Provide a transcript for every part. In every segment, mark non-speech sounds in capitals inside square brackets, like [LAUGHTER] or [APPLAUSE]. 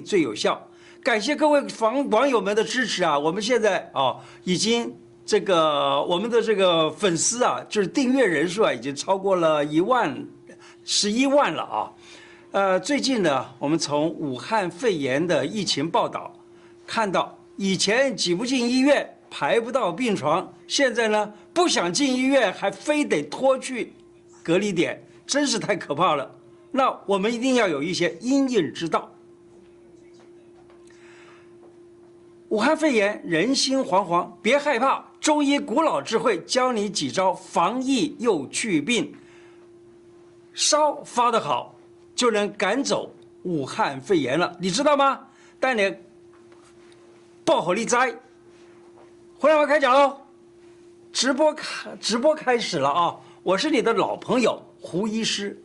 最有效，感謝各位房網友們的支持啊！我們現在啊已經這個我們的這個粉絲啊，就是訂閱人數啊，已經超過了一萬十一萬了啊！呃，最近呢，我們從武漢肺炎的疫情報道看到，以前擠不進醫院排不到病床，現在呢，不想進醫院還非得拖去隔離點，真是太可怕了。那我們一定要有一些因應之道。武漢肺炎，人心惶惶，別害怕！中醫古老智慧，教你幾招防疫又祛病。燒發的好，就能趕走武漢肺炎了，你知道嗎？帶你爆火立災，回來我開講嘍！直播開直播開始了啊！我是你的老朋友胡醫師，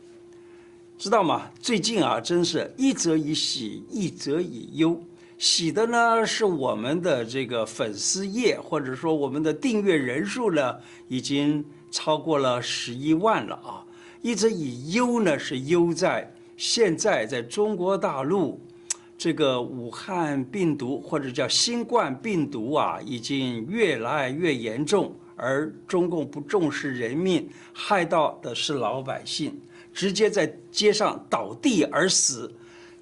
知道嗎？最近啊，真是一則以喜，一則以憂。喜的呢是我們的這個粉絲頁，或者說我們的訂閱人數呢，已經超過了十一萬了啊！一直以憂呢是憂在現在在中國大陸，這個武漢病毒或者叫新冠病毒啊，已經越來越嚴重，而中共不重視人命，害到的是老百姓，直接在街上倒地而死。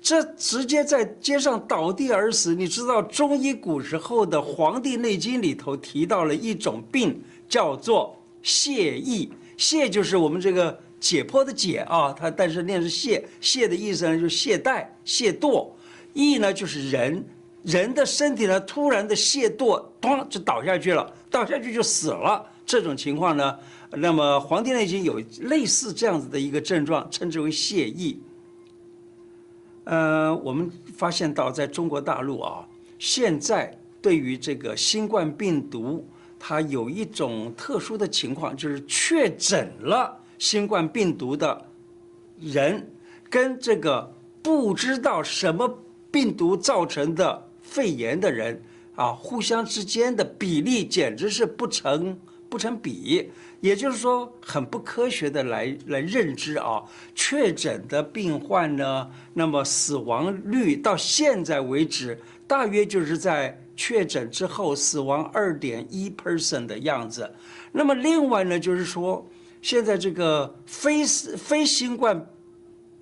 這直接在街上倒地而死，你知道中醫古時候的《黃帝內經》裡頭提到了一種病，叫做解㑊。解就是我們這個解剖的解啊，它但是念是懈。解的意思呢，就是懈怠、懈惰。㑊呢，就是人人的身體呢，突然的懈惰，咚、呃、就倒下去了，倒下去就死了。這種情況呢，那麼《黃帝內經》有類似這樣子的一個症狀，稱之為解㑊。呃，我們發現到在中國大陸啊，現在對於這個新冠病毒，它有一種特殊的情況，就是確診了新冠病毒的人，跟這個不知道什麼病毒造成的肺炎的人啊，互相之間的比例簡直是不成。不成比，也就是說很不科學的來來認知啊。確診的病患呢，那麼死亡率到現在為止大約就是在確診之後死亡二點一 percent 的樣子。那麼另外呢，就是說現在這個非非新冠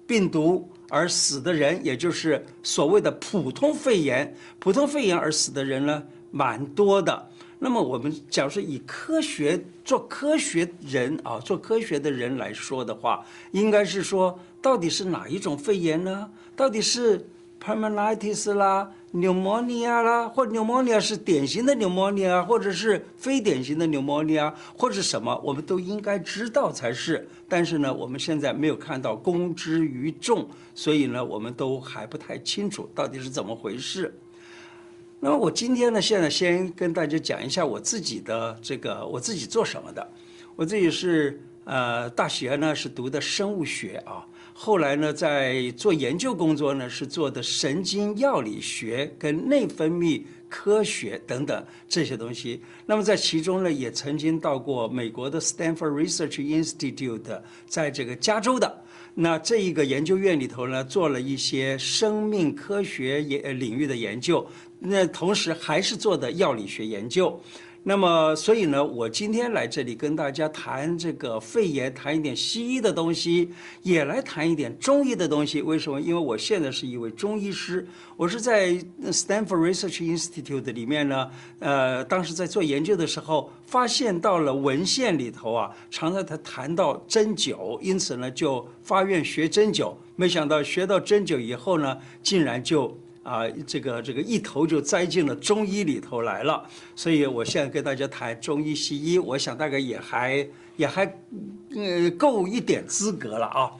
病毒而死的人，也就是所謂的普通肺炎、普通肺炎而死的人呢，蠻多的。那麼我們假如說以科學做科學人啊，做科學的人來說的話，應該是說到底是哪一種肺炎呢？到底是 pneumonitis 啦、pneumonia 啦，或 pneumonia 是典型的 pneumonia，或者是非典型的 pneumonia，或者什麼，我們都應該知道才是。但是呢，我們現在沒有看到公之於眾，所以呢，我們都還不太清楚到底是怎麼回事。那麼我今天呢，現在先跟大家講一下我自己的這個，我自己做什麼的。我自己是呃大學呢是讀的生物學啊，後來呢在做研究工作呢是做的神經藥理學跟內分泌科學等等這些東西。那麼在其中呢也曾經到過美國的 Stanford Research Institute，在這個加州的，那這一個研究院裡頭呢做了一些生命科學也領域的研究。那同時還是做的藥理學研究，那麼所以呢，我今天來這裡跟大家談這個肺炎，談一點西醫的東西，也來談一點中醫的東西。為什麼？因為我現在是一位中醫師，我是在 Stanford Research Institute 裡面呢。呃，當時在做研究的時候，發現到了文獻裡頭啊，常常他談到針灸，因此呢就發願學針灸。沒想到學到針灸以後呢，竟然就。啊，這個這個一頭就栽進了中醫裡頭來了，所以我現在跟大家談中醫西醫，我想大概也還也還，呃，夠一點資格了啊。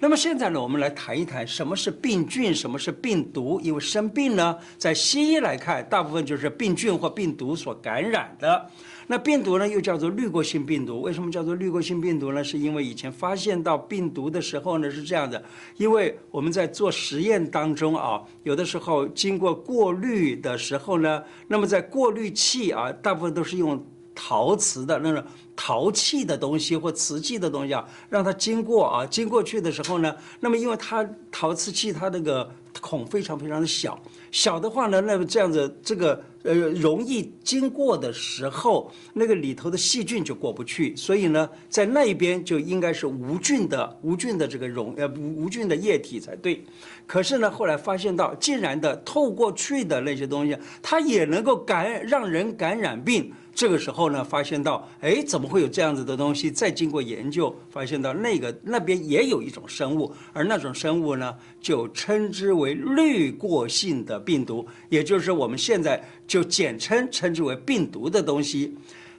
那麼現在呢，我們來談一談什麼是病菌，什麼是病毒，因為生病呢，在西醫來看，大部分就是病菌或病毒所感染的。那病毒呢，又叫做濾過性病毒。為什麼叫做濾過性病毒呢？是因為以前發現到病毒的時候呢，是這樣的：因為我們在做實驗當中啊，有的時候經過過濾的時候呢，那麼在過濾器啊，大部分都是用陶瓷的那種陶器的東西或瓷器的東西啊，讓它經過啊，經過去的時候呢，那麼因為它陶瓷器它那個。孔非常非常的小，小的話呢，那麼這樣子，這個呃，溶液經過的時候，那個裡頭的細菌就過不去，所以呢，在那邊就應該是無菌的、無菌的這個溶呃無菌的液體才對。可是呢，後來發現到，竟然的透過去的那些東西，它也能夠感染，讓人感染病。這個時候呢，發現到，哎，怎麼會有這樣子的東西？再經過研究，發現到那個那邊也有一種生物，而那種生物呢，就稱之為濾過性的病毒，也就是我們現在就簡稱稱之為病毒的東西。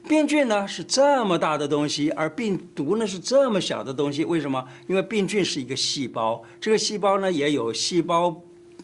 病菌呢是這麼大的東西，而病毒呢是這麼小的東西，為什麼？因為病菌是一個細胞，這個細胞呢也有細胞，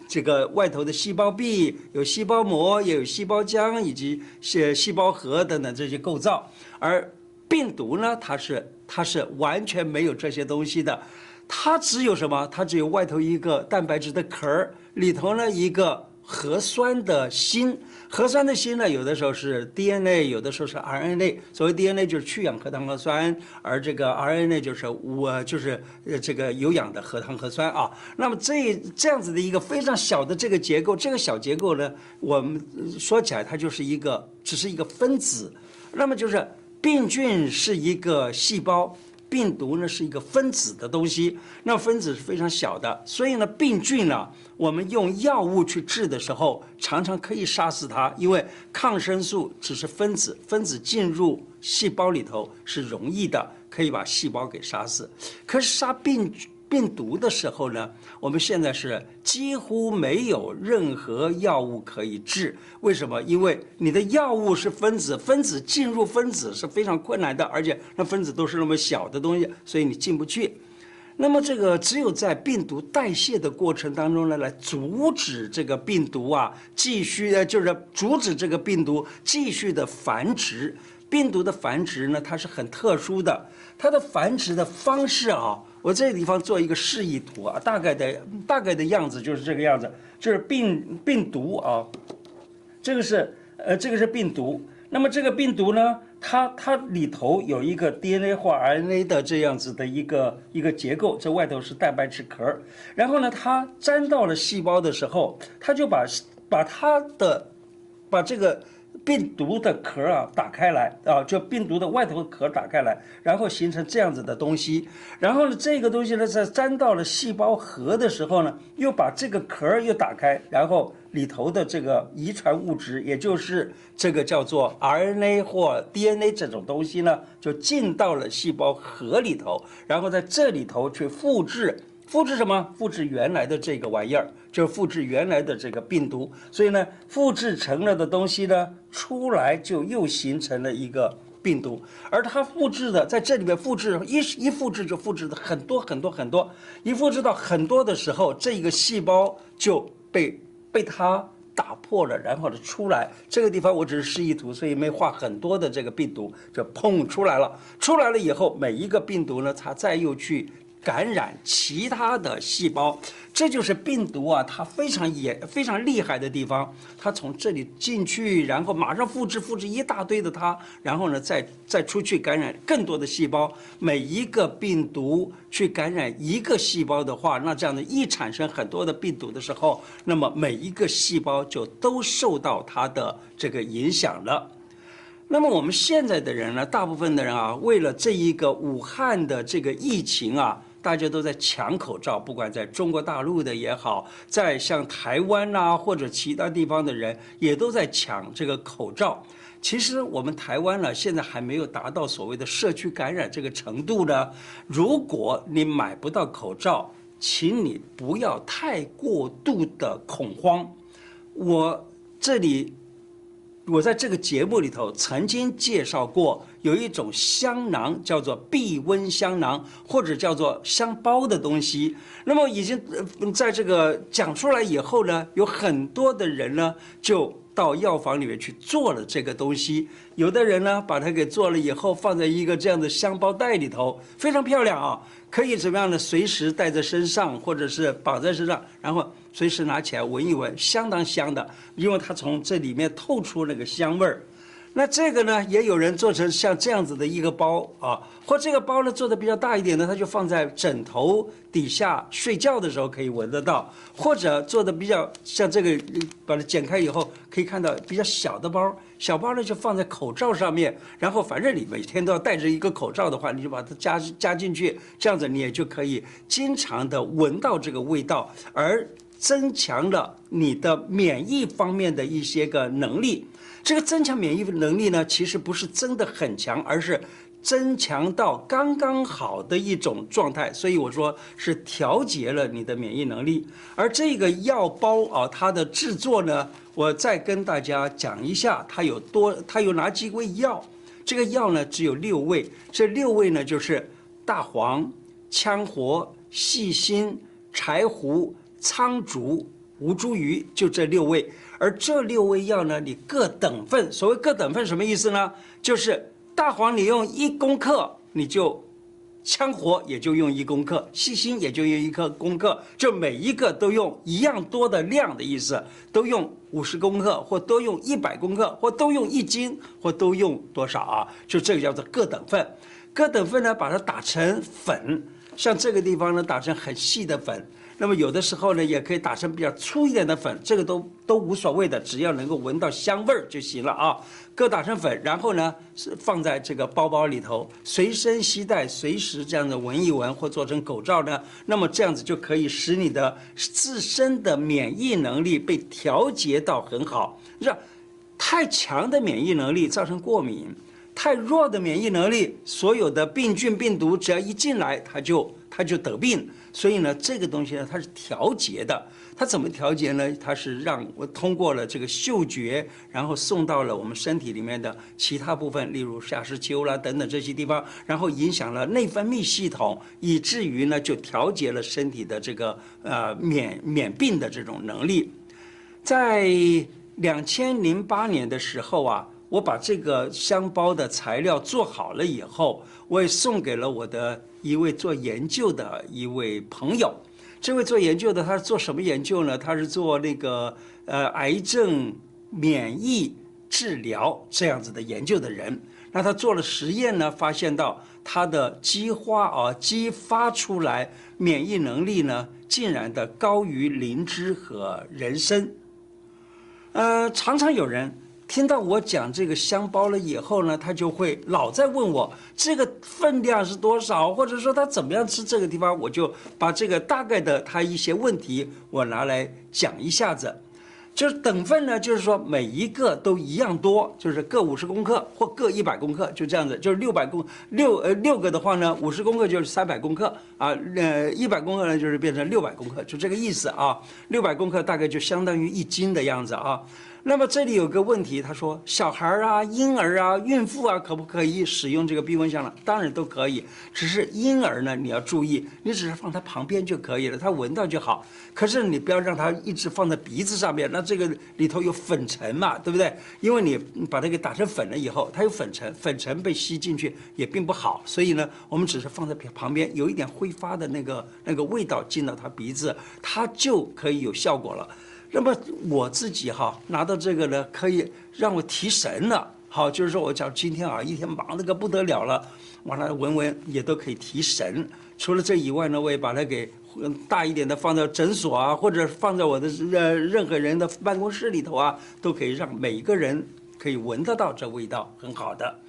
這個外頭的細胞壁，有細胞膜，也有細胞漿以及細、細胞核等等這些構造。而病毒呢，它是它是完全沒有這些東西的，它只有什麼？它只有外頭一個蛋白質的殼兒，裡頭呢一個。核酸的芯，核酸的芯呢，有的時候是 DNA，有的時候是 RNA。所謂 DNA 就是去氧核糖核酸，而這個 RNA 就是我就是呃這個有氧的核糖核酸啊。那麼這這樣子的一個非常小的這個結構，這個小結構呢，我們說起來它就是一個只是一個分子。那麼就是病菌是一個細胞。病毒呢，是一個分子的東西，那分子是非常小的，所以呢，病菌呢，我們用藥物去治的時候，常常可以殺死它，因為抗生素只是分子，分子進入細胞裡頭是容易的，可以把細胞給殺死，可是殺病菌。病毒的時候呢，我們現在是幾乎沒有任何藥物可以治。為什麼？因為你的藥物是分子，分子進入分子是非常困難的，而且那分子都是那麼小的東西，所以你進不去。那麼這個只有在病毒代謝的過程當中呢，來阻止這個病毒啊，繼續的就是阻止這個病毒繼續的繁殖。病毒的繁殖呢，它是很特殊的，它的繁殖的方式啊。我這個地方做一個示意圖啊，大概的大概的樣子就是這個樣子，就是病病毒啊，這個是呃，這個是病毒。那麼這個病毒呢，它它裡頭有一個 DNA 或 RNA 的這樣子的一個一個結構，這外頭是蛋白質殼兒。然後呢，它粘到了細胞的時候，它就把把它的把這個。病毒的殼啊打開來啊，就病毒的外頭的殼打開來，然後形成這樣子的東西，然後呢，這個東西呢在粘到了細胞核的時候呢，又把這個殼又打開，然後裡頭的這個遺傳物質，也就是這個叫做 RNA 或 DNA 這種東西呢，就進到了細胞核裡頭，然後在這裡頭去複製。複製什麼？複製原來的這個玩意兒，就是複製原來的這個病毒。所以呢，複製成了的東西呢，出來就又形成了一個病毒。而它複製的，在這裡面複製，一一複製就複製的很多很多很多。一複製到很多的時候，這個細胞就被被它打破了，然後呢出來。這個地方我只是示意圖，所以沒畫很多的這個病毒，就砰出來了。出來了以後，每一個病毒呢，它再又去。感染其他的細胞，這就是病毒啊，它非常嚴、非常厲害的地方。它從這裡進去，然後馬上複製、複製一大堆的它，然後呢，再再出去感染更多的細胞。每一個病毒去感染一個細胞的話，那這樣的一產生很多的病毒的時候，那麼每一個細胞就都受到它的這個影響了。那麼我們現在的人呢，大部分的人啊，為了這一個武漢的這個疫情啊。大家都在搶口罩，不管在中國大陸的也好，在像台灣吶或者其他地方的人也都在搶這個口罩。其實我們台灣呢，現在還沒有達到所謂的社區感染這個程度呢。如果你買不到口罩，請你不要太過度的恐慌。我這裡，我在這個節目裡頭曾經介紹過。有一種香囊，叫做避瘟香囊，或者叫做香包的東西。那麼已經在這個講出來以後呢，有很多的人呢就到藥房裡面去做了這個東西。有的人呢把它給做了以後，放在一個這樣的香包袋裡頭，非常漂亮啊，可以怎麼樣呢？隨時帶在身上，或者是綁在身上，然後隨時拿起來聞一聞，相當香的，因為它從這裡面透出那個香味兒。那這個呢，也有人做成像這樣子的一個包啊，或這個包呢做的比較大一點呢，它就放在枕頭底下睡覺的時候可以聞得到，或者做的比較像這個，把它剪開以後可以看到比較小的包，小包呢就放在口罩上面，然後反正你每天都要戴着一個口罩的話，你就把它加加進去，這樣子你也就可以經常的聞到這個味道，而增強了你的免疫方面的一些個能力。這個增強免疫能力呢，其實不是真的很強，而是增強到剛剛好的一種狀態。所以我說是調節了你的免疫能力。而這個藥包啊、哦，它的制作呢，我再跟大家講一下，它有多，它有哪幾味藥？這個藥呢，只有六味，這六味呢就是大黃、羌活、細辛、柴胡、蒼朮、吳茱萸，就這六味。而這六味藥呢，你各等份。所謂各等份什麼意思呢？就是大黃你用一公克，你就羌活也就用一公克，細辛也就用一克公克，就每一個都用一樣多的量的意思。都用五十公克，或都用一百公克，或都用一斤，或都用多少啊？就這個叫做各等份。各等份呢，把它打成粉，像這個地方呢，打成很細的粉。那麼有的時候呢，也可以打成比較粗一點的粉，這個都都無所謂的，只要能夠聞到香味兒就行了啊。各打成粉，然後呢，是放在這個包包裡頭，隨身攜帶，隨時這樣的聞一聞，或做成口罩呢，那麼這樣子就可以使你的自身的免疫能力被調節到很好。是，太強的免疫能力造成過敏，太弱的免疫能力，所有的病菌病毒只要一進來，它就它就得病。所以呢，這個東西呢，它是調節的，它怎麼調節呢？它是讓我通過了這個嗅覺，然後送到了我們身體裡面的其他部分，例如下視丘啦等等這些地方，然後影響了內分泌系統，以至於呢就調節了身體的這個呃免免病的這種能力。在兩千零八年的時候啊。我把這個香包的材料做好了以後，我也送給了我的一位做研究的一位朋友。這位做研究的他是做什麼研究呢？他是做那個呃癌症免疫治療這樣子的研究的人。那他做了實驗呢，發現到他的激發啊、呃、激發出來免疫能力呢，竟然的高於靈芝和人參。呃，常常有人。聽到我講這個香包了以後呢，他就會老在問我這個分量，是多少，或者說他怎麼樣吃這個地方，我就把這個大概的他一些問題我拿來講一下子。就是等分呢，就是說每一個都一樣多，就是各五十公克或各一百公克，就這樣子。就是六百公六呃六個的話呢，五十公克就是三百公克啊，呃一百公克呢就是變成六百公克，就這個意思啊。六百公克大概就相當於一斤的樣子啊。那麼這裡有個問題，他說小孩兒啊、嬰兒啊、孕婦啊，可不可以使用這個避蚊香呢？當然都可以。只是嬰兒呢，你要注意，你只是放它旁邊就可以了，它聞到就好。可是你不要讓它一直放在鼻子上面，那這個裡頭有粉塵嘛，對不對？因為你把它給打成粉了以後，它有粉塵，粉塵被吸進去也並不好。所以呢，我們只是放在旁邊，有一點揮發的那個那個味道進到他鼻子，它就可以有效果了。那麼我自己哈、啊、拿到這個呢，可以讓我提神了。好，就是說我講今天啊一天忙得個不得了了，完了聞聞也都可以提神。除了這以外呢，我也把它給大一點的放在診所啊，或者放在我的任任何人的辦公室裡頭啊，都可以讓每一個人可以聞得到這味道，很好的。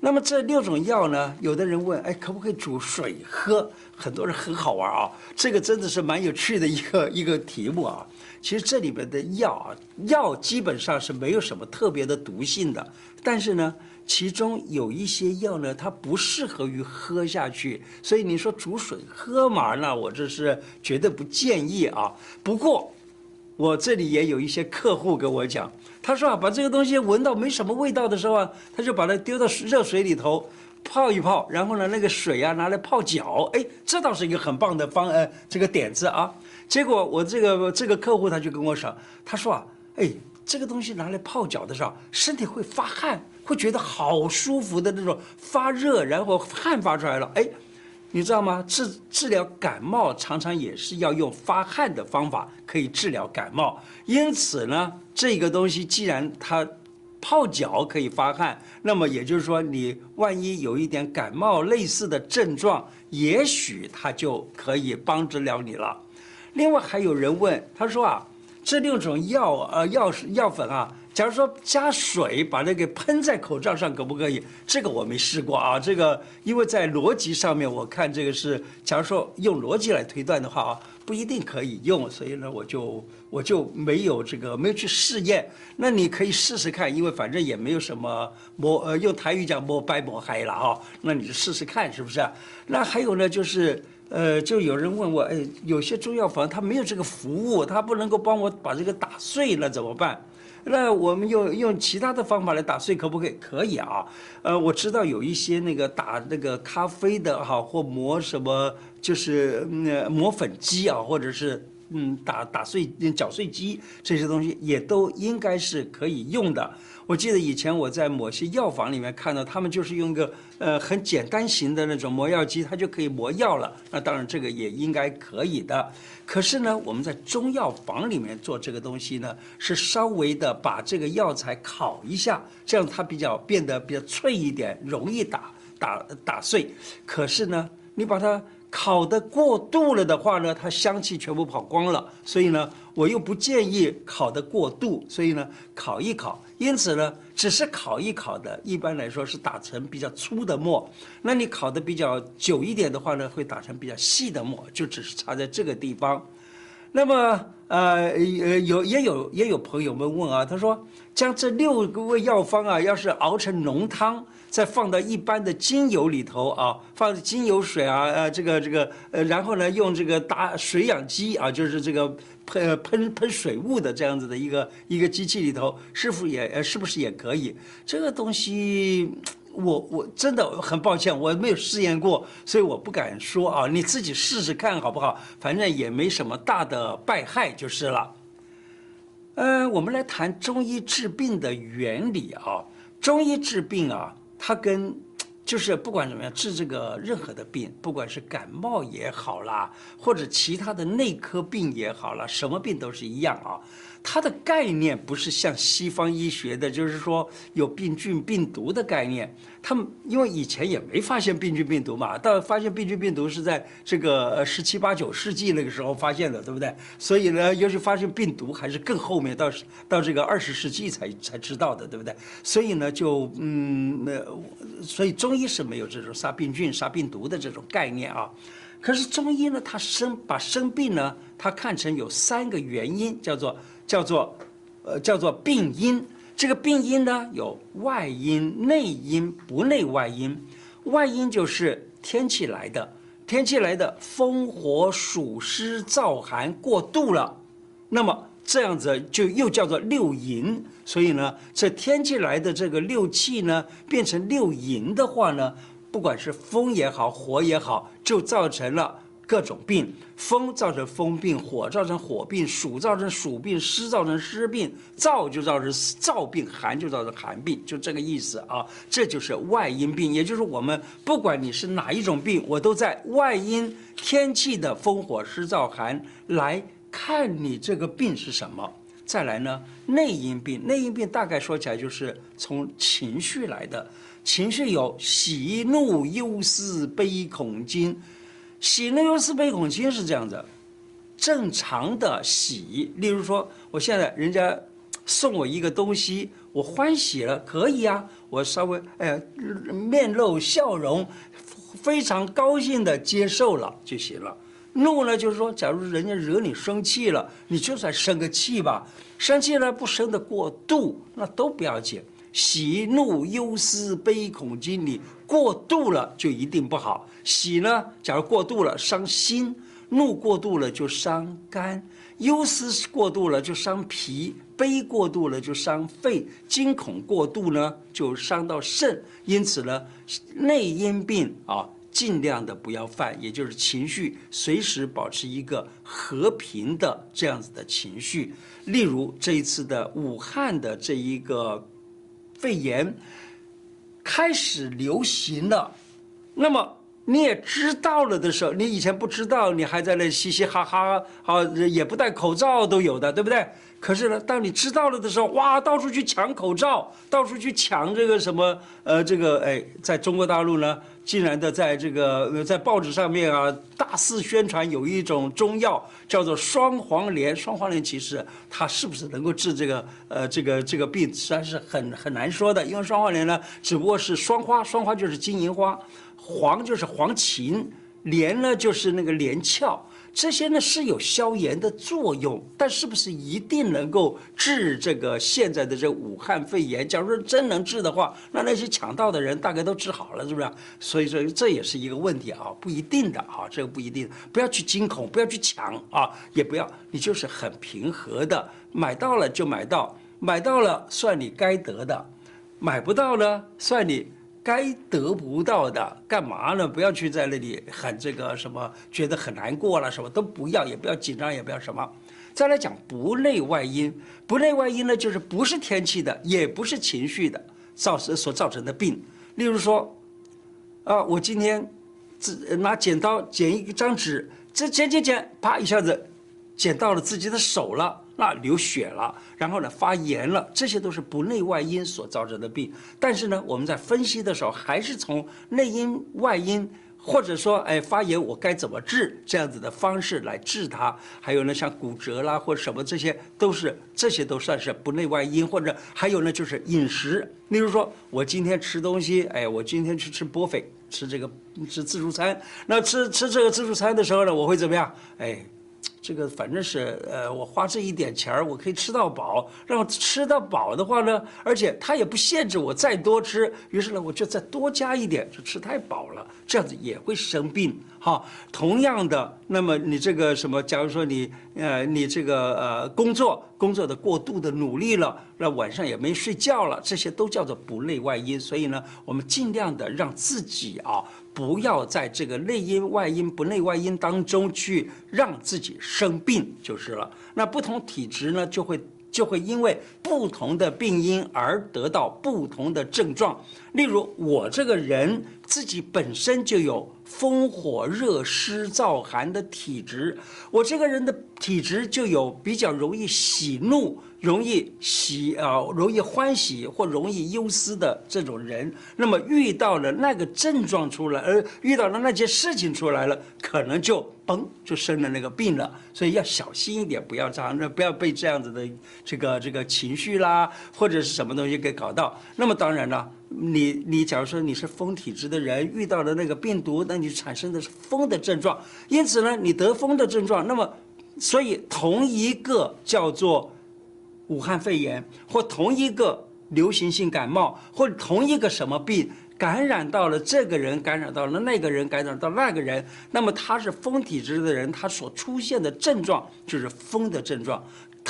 那麼這六種藥呢，有的人問，哎，可不可以煮水喝？很多人很好玩啊，這個真的是蠻有趣的一個一個題目啊。其實這裡面的藥啊，藥基本上是沒有什麼特別的毒性的，但是呢，其中有一些藥呢，它不適合於喝下去，所以你說煮水喝嘛，那我這是絕對不建議啊。不過，我這裡也有一些客戶跟我講，他說啊，把這個東西聞到沒什麼味道的時候啊，他就把它丟到熱水裡頭泡一泡，然後呢，那個水啊拿來泡腳，哎，這倒是一個很棒的方，呃，這個點子啊。結果我這個這個客戶他就跟我說，他說啊，哎，這個東西拿來泡腳的時候，身體會發汗，會覺得好舒服的那種發熱，然後汗發出來了，哎，你知道嗎？治治療感冒常常也是要用發汗的方法可以治療感冒，因此呢，這個東西既然它泡腳可以發汗，那麼也就是說你萬一有一點感冒類似的症狀，也許它就可以幫得了你了。另外還有人問，他說啊，這六種藥呃藥藥粉啊，假如說加水把那個噴在口罩上，可不可以？這個我沒試過啊，這個因為在邏輯上面，我看這個是假如說用邏輯來推斷的話啊，不一定可以用，所以呢，我就我就沒有這個沒有去試驗。那你可以試試看，因為反正也沒有什麼摸呃用台語講摸白摸黑了啊。那你就試試看是不是？那還有呢就是。呃，就有人問我，哎，有些中藥房他沒有這個服務，他不能夠幫我把這個打碎了怎麼辦？那我們用用其他的方法來打碎可不可以？可以啊。呃，我知道有一些那個打那個咖啡的哈、啊，或磨什麼，就是那、嗯、磨粉機啊，或者是。嗯，打打碎、攪碎機這些東西也都應該是可以用的。我記得以前我在某些藥房裡面看到，他們就是用一個呃很簡單型的那種磨藥機，它就可以磨藥了。那當然這個也應該可以的。可是呢，我們在中藥房裡面做這個東西呢，是稍微的把這個藥材烤一下，這樣它比較變得比較脆一點，容易打打打碎。可是呢，你把它。烤的過度了的話呢，它香氣全部跑光了，所以呢，我又不建議烤的過度，所以呢，烤一烤。因此呢，只是烤一烤的，一般來說是打成比較粗的末。那你烤的比較久一點的話呢，會打成比較細的末，就只是差在這個地方。那麼，呃，有也有也有朋友們問啊，他說將這六個味藥方啊，要是熬成濃湯。再放到一般的精油裡頭啊，放精油水啊，呃，這個這個，呃，然後呢，用這個打水氧機啊，就是這個噴噴噴水霧的這樣子的一個一個機器裡頭，是否也、呃、是不是也可以？這個東西，我我真的很抱歉，我沒有試驗過，所以我不敢說啊，你自己試試看好不好？反正也沒什麼大的敗害就是了。呃，我們來談中醫治病的原理啊，中醫治病啊。它跟就是不管怎麼樣治這個任何的病，不管是感冒也好啦，或者其他的內科病也好啦，什麼病都是一樣啊。它的概念不是像西方醫學的，就是說有病菌、病毒的概念。他們因為以前也沒發現病菌、病毒嘛，到發現病菌、病毒是在這個十七八九世紀那個時候發現的，對不對？所以呢，尤其發現病毒還是更後面到，到到這個二十世紀才才知道的，對不對？所以呢，就嗯，那所以中醫是沒有這種殺病菌、殺病毒的這種概念啊。可是中醫呢，它生把生病呢，它看成有三個原因，叫做。叫做，呃，叫做病因。這個病因呢，有外因、內因，不內外因。外因就是天氣來的，天氣來的風、火、暑、濕、燥、寒過度了，那麼這樣子就又叫做六淫。所以呢，這天氣來的這個六氣呢，變成六淫的話呢，不管是風也好，火也好，就造成了，各種病，風造成風病，火造成火病，暑造成暑病，濕造成濕病，燥就造成燥病，寒就造成寒病，就這個意思啊。這就是外因病，也就是我們不管你是哪一種病，我都在外因天氣的風火濕燥寒來看你這個病是什麼。再來呢，內因病，內因病大概說起來就是從情緒來的，情緒有喜怒憂思悲恐驚。喜怒憂思悲恐驚是這樣的，正常的喜，例如說，我現在人家送我一個東西，我歡喜了，可以啊，我稍微哎呀，面露笑容，非常高興的接受了就行了。怒呢，就是說，假如人家惹你生氣了，你就算生個氣吧，生氣了不生的過度，那都不要緊。喜怒憂思悲恐驚你。過度了就一定不好。喜呢，假如過度了傷心；怒過度了就傷肝；憂思過度了就傷脾；悲過度了就傷肺；驚恐過度呢就傷到腎。因此呢，內因病啊，盡量的不要犯，也就是情緒隨時保持一個和平的這樣子的情緒。例如這一次的武漢的這一個肺炎，開始流行了，那麼你也知道了的時候，你以前不知道，你還在那嘻嘻哈哈，好、啊，也不戴口罩都有的，對不對？可是呢，當你知道了的時候，哇，到處去搶口罩，到處去搶這個什麼，呃，這個哎，在中國大陸呢。竟然的在這個在報紙上面啊，大肆宣傳，有一種中藥叫做雙黃連。雙黃連其實它是不是能夠治這個呃這個這個病，實在是很很難說的。因為雙黃連呢，只不過是雙花，雙花就是金銀花，黃就是黃芩，連呢就是那個連翹。這些呢是有消炎的作用，但是不是一定能夠治這個現在的這武漢肺炎？假如說真能治的話，那那些搶到的人大概都治好了，是不是？所以說這也是一個問題啊，不一定的啊，這個不一定，不要去驚恐，不要去搶啊，也不要，你就是很平和的，買到了就買到，買到了算你該得的，買不到呢算你。該得不到的，幹嘛呢？不要去在那裡喊這個什麼，覺得很難過了，什麼都不要，也不要緊張，也不要什麼。再來講不內外因，不內外因呢，就是不是天氣的，也不是情緒的造成所造成的病。例如說，啊，我今天，自拿剪刀剪一張紙，這剪剪剪，剪，啪一下子，剪到了自己的手了。那流血了，然後呢，發炎了，這些都是不內外因所造成的病。但是呢，我們在分析的時候，還是從內因、外因，或者說，哎，發炎我該怎麼治這樣子的方式來治它。還有呢，像骨折啦或者什麼，這些都是這些都算是不內外因，或者還有呢，就是飲食。例如說，我今天吃東西，哎，我今天去吃波菲，吃這個吃自助餐。那吃吃這個自助餐的時候呢，我會怎麼樣？哎。這個反正是，呃，我花這一點錢兒，我可以吃到飽。然後吃到飽的話呢，而且它也不限制我再多吃。於是呢，我就再多加一點，就吃太飽了，這樣子也會生病哈。同樣的，那麼你這個什麼，假如說你，呃，你這個呃，工作工作的過度的努力了，那晚上也沒睡覺了，這些都叫做不內外因。所以呢，我們盡量的讓自己啊。不要在這個內因外因不內外因當中去讓自己生病就是了。那不同體質呢，就會就會因為不同的病因而得到不同的症狀。例如我這個人自己本身就有風火熱濕燥寒的體質，我這個人的體質就有比較容易喜怒，容易喜啊、呃，容易歡喜或容易憂思的這種人，那麼遇到了那個症狀出來，而、呃、遇到了那些事情出來了，可能就崩，就生了那個病了。所以要小心一點，不要這樣，那不要被這樣子的這個這個情緒啦，或者是什麼東西給搞到。那麼當然了，你你假如說你是風體質的人，遇到了那個病毒，那你產生的是風的症狀。因此呢，你得風的症狀，那麼所以同一個叫做。武漢肺炎或同一個流行性感冒，或同一個什麼病感染到了這個人，感染到了那個人，感染到那個人，那麼他是風體質的人，他所出現的症狀就是風的症狀。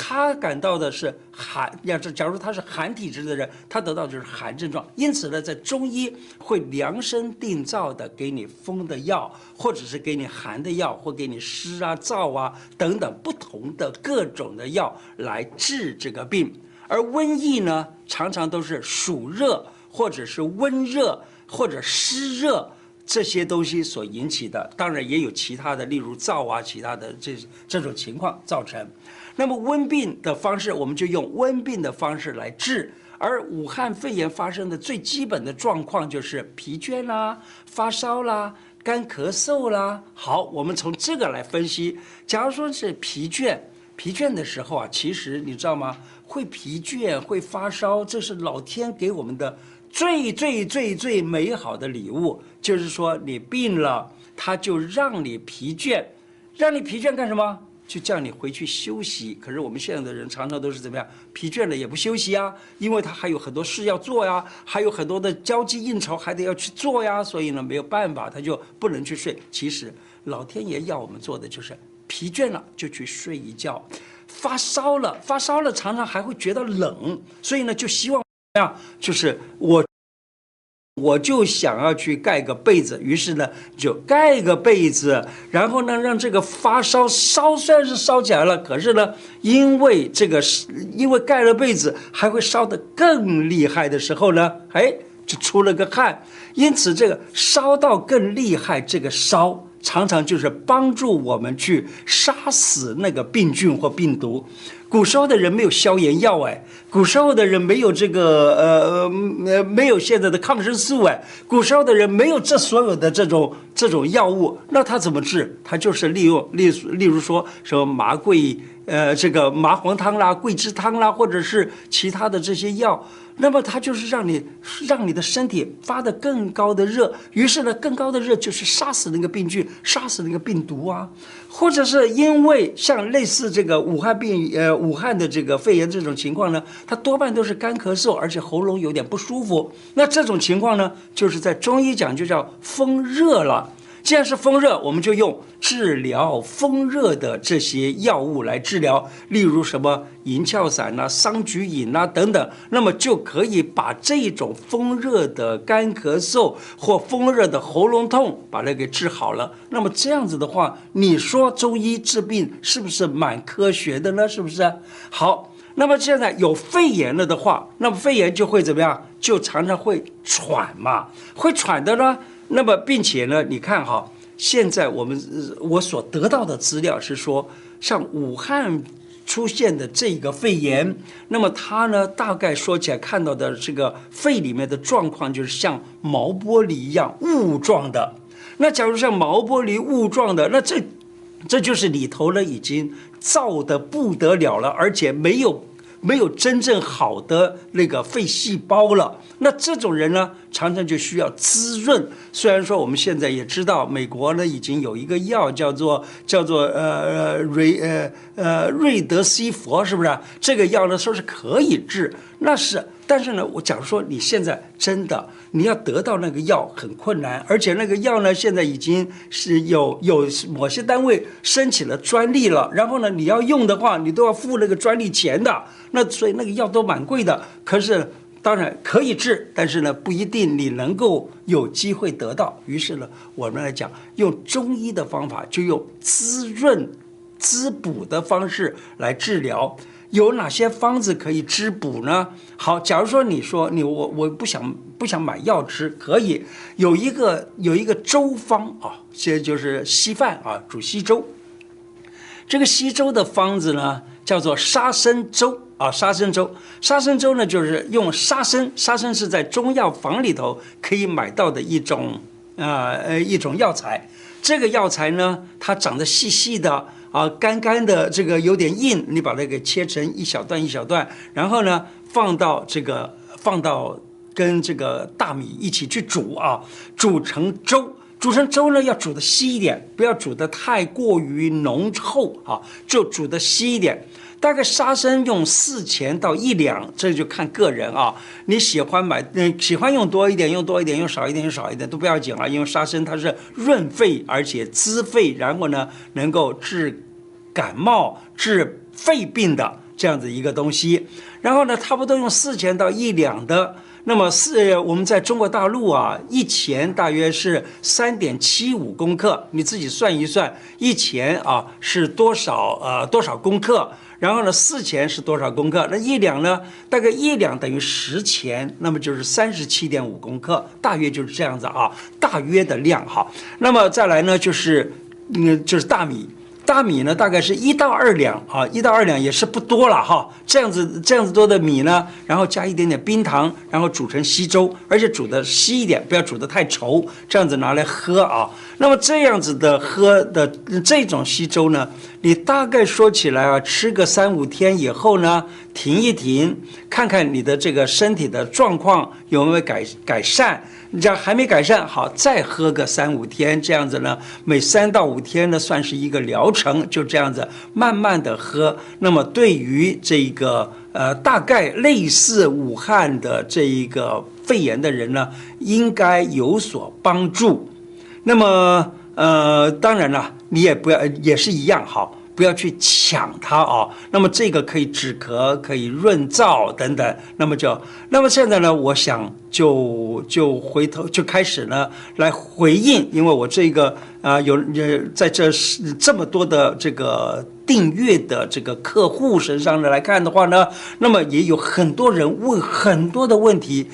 他感到的是寒，要是假如他是寒體質的人，他得到就是寒症狀。因此呢，在中醫會量身定造的給你風的藥，或者是給你寒的藥，或給你濕啊、燥啊等等不同的各種的藥來治這個病。而瘟疫呢，常常都是暑熱，或者是溫熱，或者濕熱。這些東西所引起的，當然也有其他的，例如燥啊，其他的這這種情況造成。那麼溫病的方式，我們就用溫病的方式來治。而武漢肺炎發生的最基本的狀況就是疲倦啦、發燒啦、乾咳嗽啦。好，我們從這個來分析。假如說是疲倦，疲倦的時候啊，其實你知道嗎？會疲倦、會發燒，這是老天給我們的最最最最美好的禮物。就是說，你病了，他就讓你疲倦，讓你疲倦幹什麼？就叫你回去休息。可是我們現在的人常常都是怎麼樣？疲倦了也不休息啊，因為他還有很多事要做呀，還有很多的交際應酬還得要去做呀，所以呢，沒有辦法，他就不能去睡。其實老天爺要我們做的就是，疲倦了就去睡一覺，發燒了發燒了，常常還會覺得冷，所以呢就希望，呀，就是我。我就想要去蓋個被子，於是呢就蓋個被子，然後呢讓這個發燒燒雖然是燒起來了。可是呢，因為這個是因為蓋了被子，還會燒得更厲害的時候呢，哎，就出了個汗。因此，這個燒到更厲害，這個燒。常常就是幫助我們去殺死那個病菌或病毒。古時候的人沒有消炎藥哎、啊，古時候的人沒有這個呃呃沒有現在的抗生素哎、啊，古時候的人沒有這所有的這種這種藥物，那他怎麼治？他就是利用例例如說什麼麻桂。呃，這個麻黃湯啦、桂枝湯啦，或者是其他的這些藥，那麼它就是讓你讓你的身體發得更高的熱，於是呢，更高的熱就是殺死那個病菌、殺死那個病毒啊，或者是因為像類似這個武漢病、呃武漢的這個肺炎這種情況呢，它多半都是乾咳嗽，而且喉嚨有點不舒服。那這種情況呢，就是在中醫講就叫風熱了。既然是風熱，我們就用治療風熱的這些藥物來治療，例如什麼銀翹散吶、啊、桑菊飲吶、啊、等等，那麼就可以把這種風熱的乾咳嗽或風熱的喉嚨痛把它給治好了。那麼這樣子的話，你說中醫治病是不是蠻科學的呢？是不是？好，那麼現在有肺炎了的話，那麼肺炎就會怎麼樣？就常常會喘嘛，會喘的呢。那麼，並且呢，你看哈，現在我們我所得到的資料是說，像武漢出現的這個肺炎，嗯、那麼他呢，大概說起來看到的這個肺裡面的狀況，就是像毛玻璃一樣霧狀的。那假如像毛玻璃霧狀的，那這這就是裡頭呢已經燥得不得了了，而且沒有。沒有真正好的那個肺細胞了，那這種人呢，常常就需要滋潤。雖然說我們現在也知道，美國呢已經有一個藥叫做叫做呃瑞呃呃瑞德西佛，是不是？這個藥呢說是可以治，那是。但是呢，我假如說你現在真的。你要得到那個藥很困難，而且那個藥呢，現在已經是有有某些單位申請了專利了。然後呢，你要用的話，你都要付那個專利錢的。那所以那個藥都蠻貴的。可是當然可以治，但是呢，不一定你能夠有機會得到。於是呢，我們來講用中醫的方法，就用滋潤、滋補的方式來治療。有哪些方子可以滋補呢？好，假如說你說你我我不想不想買藥吃，可以有一個有一個粥方啊，這就是稀飯啊，煮稀粥。這個稀粥的方子呢，叫做沙參粥啊，沙參粥。沙參粥呢，就是用沙參，沙參是在中藥房裡頭可以買到的一種啊呃一種藥材。這個藥材呢，它長得細細的。啊，干干的這個有點硬，你把它給切成一小段一小段，然後呢，放到這個放到跟這個大米一起去煮啊，煮成粥。煮成粥呢，要煮得稀一點，不要煮得太過於濃厚啊，就煮得稀一點。大概沙參用四錢到一兩，這就看個人啊，你喜歡買，嗯，喜歡用多一點，用多一點，用少一點，用少一點都不要緊啊，因為沙參它是潤肺而且滋肺，然後呢能夠治感冒、治肺病的這樣子一個東西，然後呢差不多用四錢到一兩的，那麼四我們在中國大陸啊一錢大約是三點七五公克，你自己算一算一錢啊是多少呃多少公克。然後呢，四錢是多少公克？那一兩呢？大概一兩等於十錢，那麼就是三十七點五公克，大約就是這樣子啊，大約的量哈。那麼再來呢，就是嗯，就是大米。大米呢，大概是一到二兩啊，一到二兩也是不多了哈。這樣子，這樣子多的米呢，然後加一點點冰糖，然後煮成稀粥，而且煮得稀一點，不要煮得太稠，這樣子拿來喝啊。那麼這樣子的喝的這種稀粥呢，你大概說起來啊，吃個三五天以後呢，停一停，看看你的這個身體的狀況。有沒有改改善？你這還沒改善好，再喝個三五天這樣子呢？每三到五天呢，算是一個療程，就這樣子慢慢的喝。那麼對於這個呃，大概類似武漢的這一個肺炎的人呢，應該有所幫助。那麼呃，當然了，你也不要也是一樣好。不要去搶它啊、哦！那麼這個可以止咳，可以潤燥等等。那麼就那麼現在呢，我想就就回頭就開始呢來回應，因為我這個啊、呃、有呃在這這麼多的這個訂閱的這個客戶身上呢來看的話呢，那麼也有很多人問很多的問題。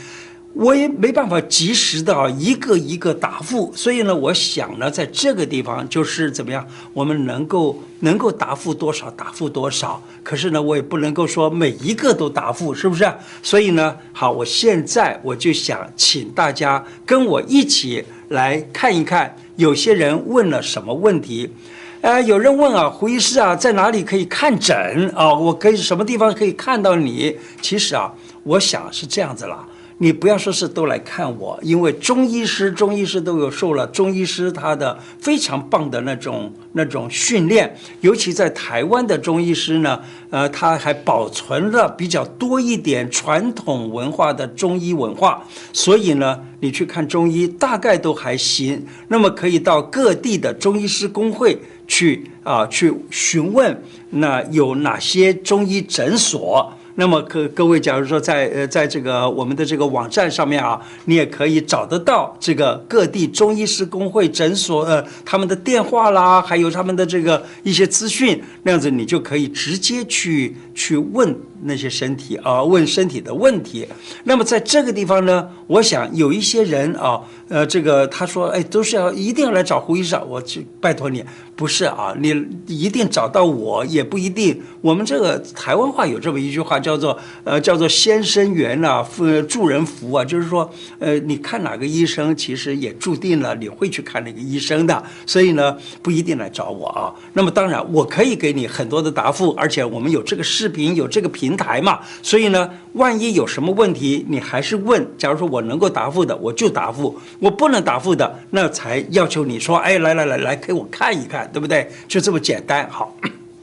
我也沒辦法及時的啊，一個一個答覆所以呢，我想呢，在這個地方就是怎麼樣，我們能夠能夠答覆多少答覆多少，可是呢，我也不能夠說每一個都答覆，是不是？所以呢，好，我現在我就想請大家跟我一起來看一看，有些人問了什麼問題，呃、哎，有人問啊，胡醫師啊，在哪裡可以看診啊、哦？我可以什麼地方可以看到你？其實啊，我想是這樣子啦。你不要說是都來看我，因為中醫師，中醫師都有受了中醫師他的非常棒的、那種那種訓練，尤其在台灣的中醫師呢，呃，他還保存了比較多一點傳統文化的中醫文化，所以呢，你去看中醫大概都還行。那麼可以到各地的中醫師公會去啊、呃，去詢問那有哪些中醫診所。那麼，各各位，假如說在呃，在這個我們的這個網站上面啊，你也可以找得到這個各地中醫師公會診所，呃，他們的電話啦，還有他們的這個一些資訊，那樣子你就可以直接去。去問那些身體啊，問身體的問題。那麼在這個地方呢，我想有一些人啊，呃，這個他說，哎，都是要一定要來找胡醫生。我去拜托你，不是啊，你一定找到我也不一定。我們這個台灣話有這麼一句話叫做，呃，叫做先生緣啊，助人福啊，就是說，呃，你看哪個醫生，其實也注定了你會去看那個醫生的。所以呢，不一定來找我啊。那麼當然，我可以給你很多的答覆，而且我們有這個事。視頻有這個平台嘛？所以呢，萬一有什麼問題，你還是問。假如說我能夠答覆的，我就答覆；我不能答覆的，那才要求你說，哎，來來來來，給我看一看，對不對？就這麼簡單。好，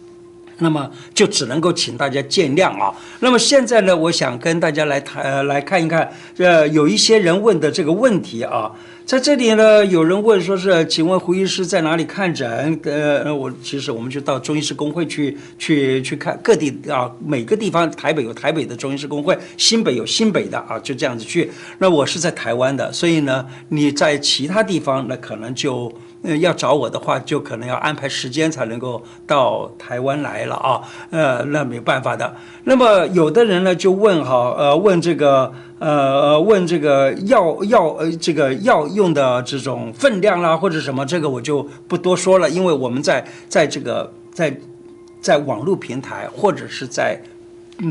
[COUGHS] 那麼就只能夠請大家見諒啊。那麼現在呢，我想跟大家來談，呃、來看一看，呃，有一些人問的這個問題啊。在這裡呢，有人問說是，請問胡醫師在哪裡看診？呃，那我其實我們就到中醫師公會，去去去看各地啊，每個地方，台北有台北的中醫師公會，新北有新北的啊，就這樣子去。那我是在台灣的，所以呢，你在其他地方那可能就。呃，要找我的話，就可能要安排時間才能夠到台灣來了啊。呃，那沒辦法的。那麼有的人呢，就問哈，呃，問這個，呃，問這個藥藥呃，這個藥用的這種分量啦，或者什麼，這個我就不多說了，因為我們在在這個在在網絡平台或者是在。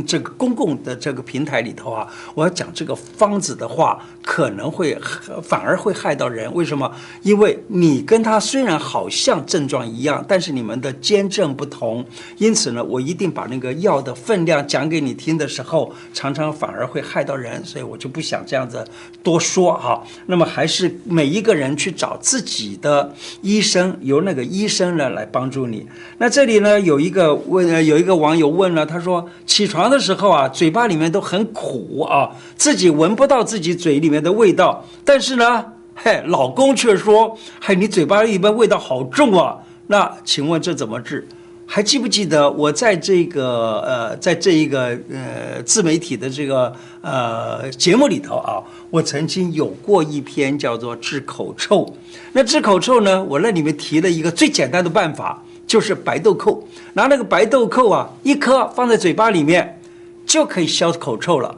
這個公共的這個平台裡頭啊，我要講這個方子的話，可能會反而會害到人。為什麼？因為你跟他雖然好像症狀一樣，但是你們的兼症不同，因此呢，我一定把那個藥的分量講給你聽的時候，常常反而會害到人，所以我就不想這樣子多說哈、啊。那麼還是每一個人去找自己的醫生，由那個醫生呢來幫助你。那這裡呢有一個問，有一個網友問了，他說起床。忙的時候啊，嘴巴裡面都很苦啊，自己聞不到自己嘴裡面的味道，但是呢，嘿，老公卻說，嘿，你嘴巴裡面味道好重啊。那請問這怎麼治？還記不記得我在這個呃，在這一個呃自媒體的這個呃節目裡頭啊，我曾經有過一篇叫做治口臭。那治口臭呢，我那裡面提了一個最簡單的辦法。就是白豆蔻，拿那個白豆蔻啊，一顆放在嘴巴裡面，就可以消口臭了。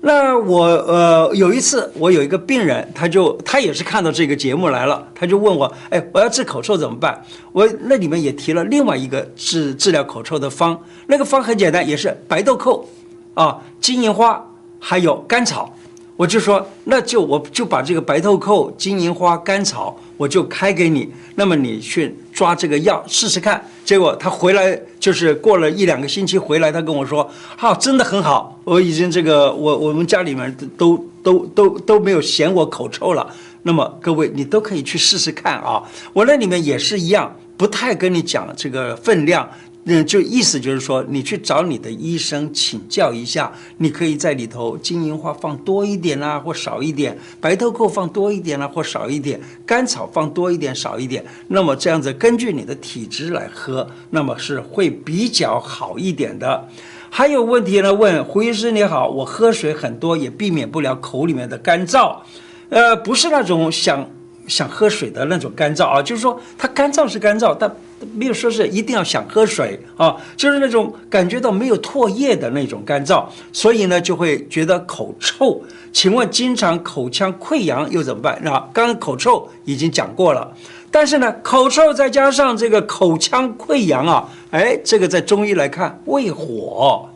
那我呃有一次，我有一個病人，他就他也是看到這個節目來了，他就問我，哎，我要治口臭怎麼辦？我那裡面也提了另外一個治、治、治療口臭的方，那個方很簡單，也是白豆蔻啊、金銀花還有甘草。我就說，那就我就把這個白豆蔻、金銀花、甘草，我就開給你。那麼你去抓這個藥試試看。結果他回來就是過了一兩個星期回來，他跟我說：“好，真的很好，我已經這個我我們家裡面都都都都都沒有嫌我口臭了。”那麼各位，你都可以去試試看啊。我那裡面也是一樣，不太跟你講這個分量。嗯、就意思就是說，你去找你的醫生請教一下，你可以在裡頭金銀花放多一點啦、啊，或少一點；白頭垢放多一點啦、啊，或少一點；甘草放多一點，少一點。那麼這樣子根據你的體質來喝，那麼是會比較好一點的。還有問題呢？問胡醫師你好，我喝水很多，也避免不了口裡面的乾燥，呃，不是那種想。想喝水的那種乾燥啊，就是說它乾燥是乾燥，但沒有說是一定要想喝水啊，就是那種感覺到沒有唾液的那種乾燥，所以呢就會覺得口臭。請問經常口腔潰瘍又怎麼辦？那剛剛口臭已經講過了，但是呢，口臭再加上這個口腔潰瘍啊，哎，這個在中醫來看胃火。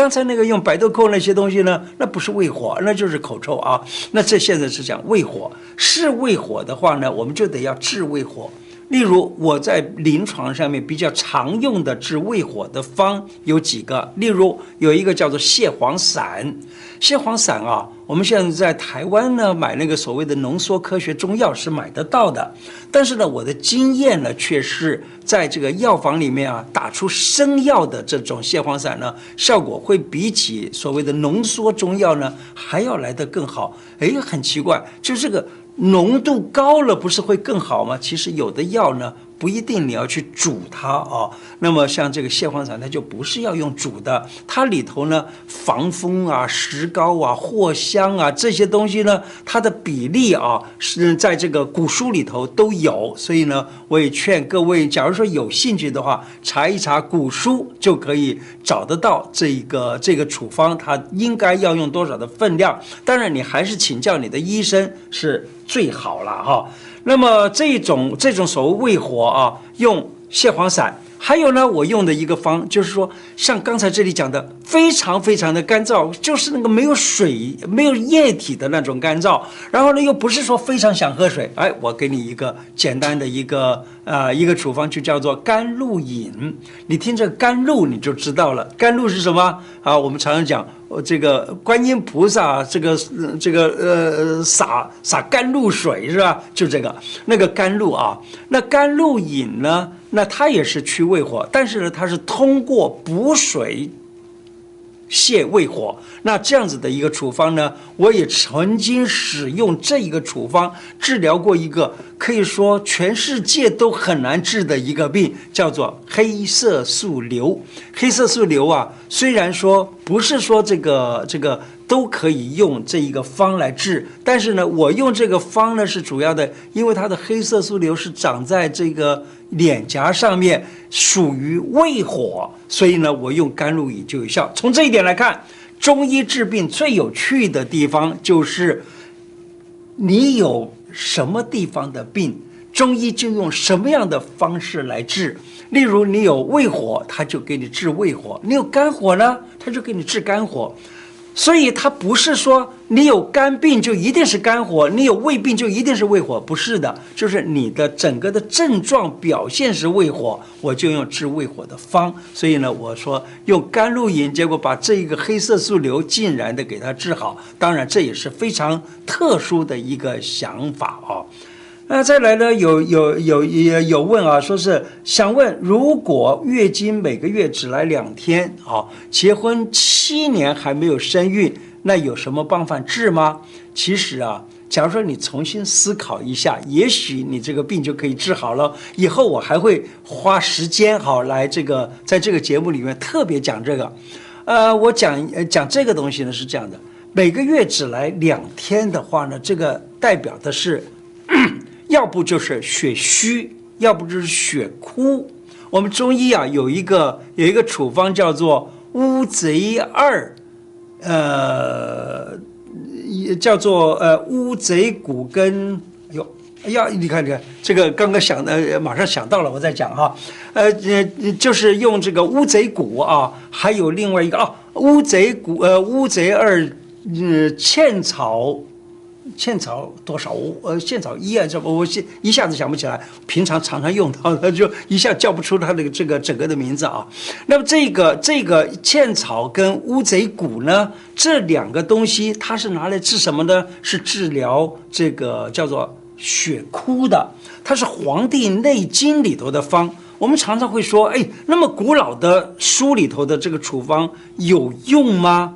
剛才那個用百度扣那些東西呢，那不是胃火，那就是口臭啊。那這現在是講胃火，是胃火的話呢，我們就得要治胃火。例如，我在臨床上面比較常用的治胃火的方有幾個。例如，有一個叫做瀉黃散。瀉黃散啊，我們現在在台灣呢買那個所謂的濃縮科學中藥是買得到的。但是呢，我的經驗呢，卻是在這個藥房裡面啊打出生藥的這種瀉黃散呢，效果會比起所謂的濃縮中藥呢還要來得更好。哎，很奇怪，就這個。濃度高了，不是會更好嗎？其實有的藥呢。不一定你要去煮它啊，哦，那麼像這個蟹黃散，它就不是要用煮的。它裡頭呢，防風啊、石膏啊、藿香啊這些東西呢，它的比例啊是在這個古書裡頭都有。所以呢，我也勸各位，假如說有興趣的話，查一查古書就可以找得到這個這個處方，它應該要用多少的分量。當然，你還是請教你的醫生是最好了哈，哦。那麼這種這種所謂胃火啊，用瀉黃散。還有呢，我用的一個方，就是說，像剛才這裡講的，非常非常的乾燥，就是那個沒有水、沒有液體的那種乾燥。然後呢，又不是說非常想喝水。哎，我給你一個簡單的一個啊、呃，一個處方，就叫做甘露飲。你聽這甘露，你就知道了。甘露是什麼？啊，我們常常講，這個觀音菩薩這個這個呃灑灑甘露水是吧？就這個那個甘露啊。那甘露飲呢？那它也是去胃火，但是呢，它是通過補水瀉胃火。那這樣子的一個處方呢，我也曾經使用這一個處方治療過一個可以說全世界都很難治的一個病，叫做黑色素瘤。黑色素瘤啊，雖然說不是說這個這個。都可以用這一個方來治，但是呢，我用這個方呢是主要的，因為它的黑色素瘤是長在這個臉頰上面，屬於胃火，所以呢，我用甘露飲就有效。從這一點來看，中醫治病最有趣的地方就是，你有什麼地方的病，中醫就用什麼樣的方式來治。例如，你有胃火，它就給你治胃火；你有肝火呢，它就給你治肝火。所以它不是說你有肝病就一定是肝火，你有胃病就一定是胃火，不是的，就是你的整個的症狀表現是胃火，我就用治胃火的方。所以呢，我說用甘露飲，結果把這一個黑色素瘤竟然的給他治好。當然這也是非常特殊的一個想法啊、哦。那、啊、再來呢？有有有也有，有問啊，說是想問，如果月經每個月只來兩天，啊、哦，結婚七年還沒有生育，那有什麼辦法治嗎？其實啊，假如說你重新思考一下，也許你這個病就可以治好了。以後我還會花時間，好、哦、來這個，在這個節目裡面特別講這個。呃，我講講這個東西呢是這樣的，每個月只來兩天的話呢，這個代表的是。咳咳要不就是血虛，要不就是血枯。我們中醫啊，有一個有一個處方叫做烏賊二，呃，也叫做呃烏賊骨根。喲，哎呀，你看，你看這個剛剛想的，馬上想到了，我再講哈。呃，就是用這個烏賊骨啊，還有另外一個啊、哦，烏賊骨呃烏賊二，呃茜草。茜草多少？我呃，茜草一啊，這我現一下子想不起來。平常常常用到的，就一下叫不出它的這個整個的名字啊。那麼這個這個茜草跟烏賊骨呢，這兩個東西它是拿來治什麼的？是治療這個叫做血枯的。它是《黃帝內經》裡頭的方。我們常常會說，哎，那麼古老的書裡頭的這個處方有用嗎？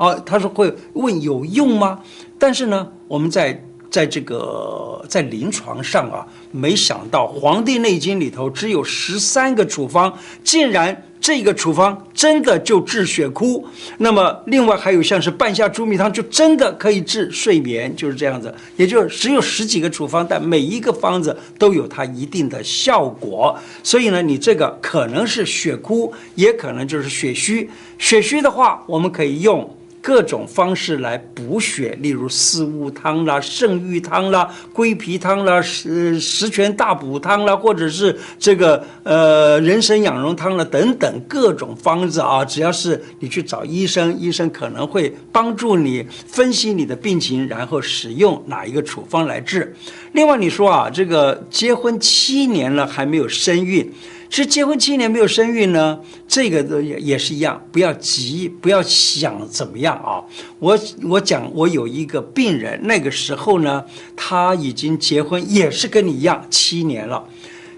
哦，他說會問有用嗎？但是呢，我們在在這個在臨床上啊，沒想到《黃帝內經》裡頭只有十三個處方，竟然這個處方真的就治血枯。那麼另外還有像是半夏秫米湯，就真的可以治睡眠，就是這樣子。也就是只有十幾個處方，但每一個方子都有它一定的效果。所以呢，你這個可能是血枯，也可能就是血虛。血虛的話，我們可以用。各種方式來補血，例如四物湯啦、聖愈湯啦、歸脾湯啦、十十全大補湯啦，或者是這個呃人參養榮湯啦等等各種方子啊。只要是你去找醫生，醫生可能會幫助你分析你的病情，然後使用哪一個處方來治。另外你說啊，這個結婚七年了還沒有生育。其實是結婚七年沒有生育呢？這個也也是一樣，不要急，不要想怎麼樣啊！我我講，我有一個病人，那個時候呢，他已經結婚，也是跟你一樣七年了。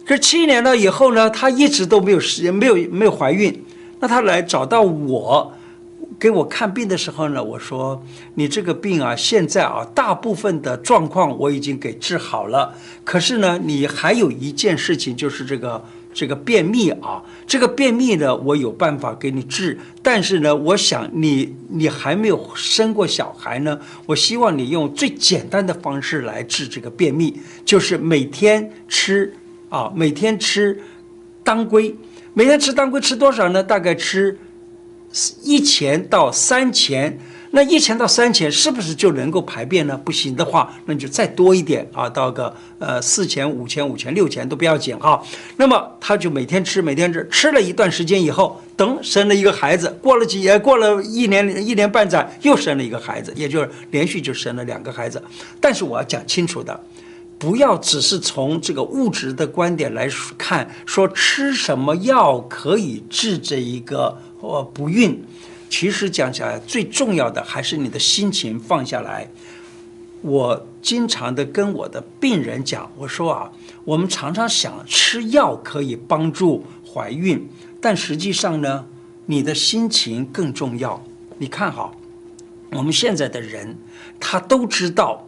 這七年了以後呢，他一直都沒有時間，沒有沒有懷孕。那他來找到我，給我看病的時候呢，我說：“你這個病啊，現在啊，大部分的狀況我已經給治好了。可是呢，你還有一件事情，就是這個。”這個便秘啊，這個便秘呢，我有辦法給你治。但是呢，我想你你還沒有生過小孩呢，我希望你用最簡單的方式來治這個便秘，就是每天吃啊，每天吃當歸，每天吃當歸吃多少呢？大概吃一錢到三錢。那一錢到三錢是不是就能夠排便呢？不行的話，那你就再多一點啊，到個呃四錢、五錢、五錢、六錢都不要緊哈、啊。那麼他就每天吃，每天吃，吃了一段時間以後，等生了一個孩子，過了幾年，過了一年一年半載，又生了一個孩子，也就是連續就生了兩個孩子。但是我要講清楚的，不要只是從這個物質的觀點來看，說吃什麼藥可以治這一個呃不孕。其實講起來，最重要的還是你的心情放下來。我經常的跟我的病人講，我說啊，我們常常想吃藥可以幫助懷孕，但實際上呢，你的心情更重要。你看哈，我們現在的人他都知道，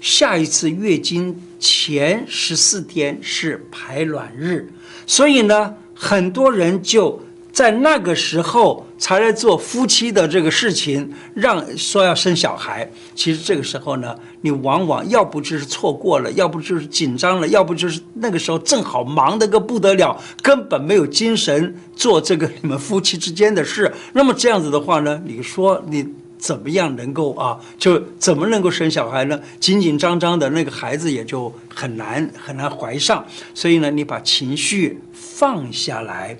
下一次月經前十四天是排卵日，所以呢，很多人就。在那個時候才來做夫妻的這個事情，讓說要生小孩，其實這個時候呢，你往往要不就是錯過了，要不就是緊張了，要不就是那個時候正好忙得個不得了，根本沒有精神做這個你們夫妻之間的事。那麼這樣子的話呢，你說你怎麼樣能夠啊，就怎麼能夠生小孩呢？緊緊張張的那個孩子也就很難很難懷上。所以呢，你把情緒放下來。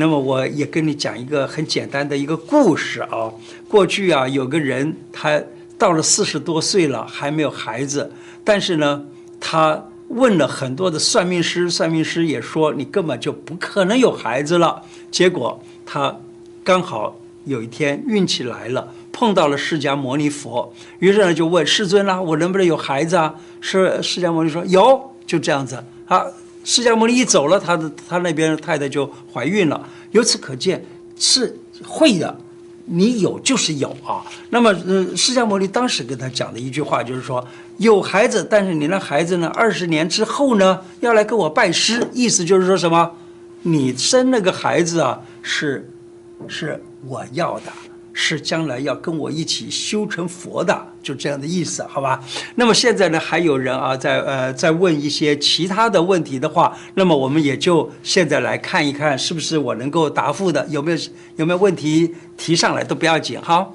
那麼我也跟你講一個很簡單的一個故事啊。過去啊，有個人他到了四十多歲了還沒有孩子，但是呢，他問了很多的算命師，算命師也說，你根本就不可能有孩子了。結果他剛好有一天運氣來了，碰到了釋迦牟尼佛，於是呢就問世尊啦、啊，我能不能有孩子啊？是釋迦牟尼說有，就這樣子啊。釋迦牟尼一走了，他的他那邊的太太就懷孕了。由此可見，是會的，你有就是有啊。那麼，呃，釋迦牟尼當時跟他講的一句話就是說：有孩子，但是你那孩子呢？二十年之後呢，要來跟我拜師。意思就是說什麼？你生那個孩子啊，是，是我要的。是將來要跟我一起修成佛的，就這樣的意思，好吧？那麼現在呢，還有人啊，在呃，在問一些其他的問題的話，那麼我們也就現在來看一看，是不是我能夠答復的？有沒有有沒有問題提上來都不要緊哈？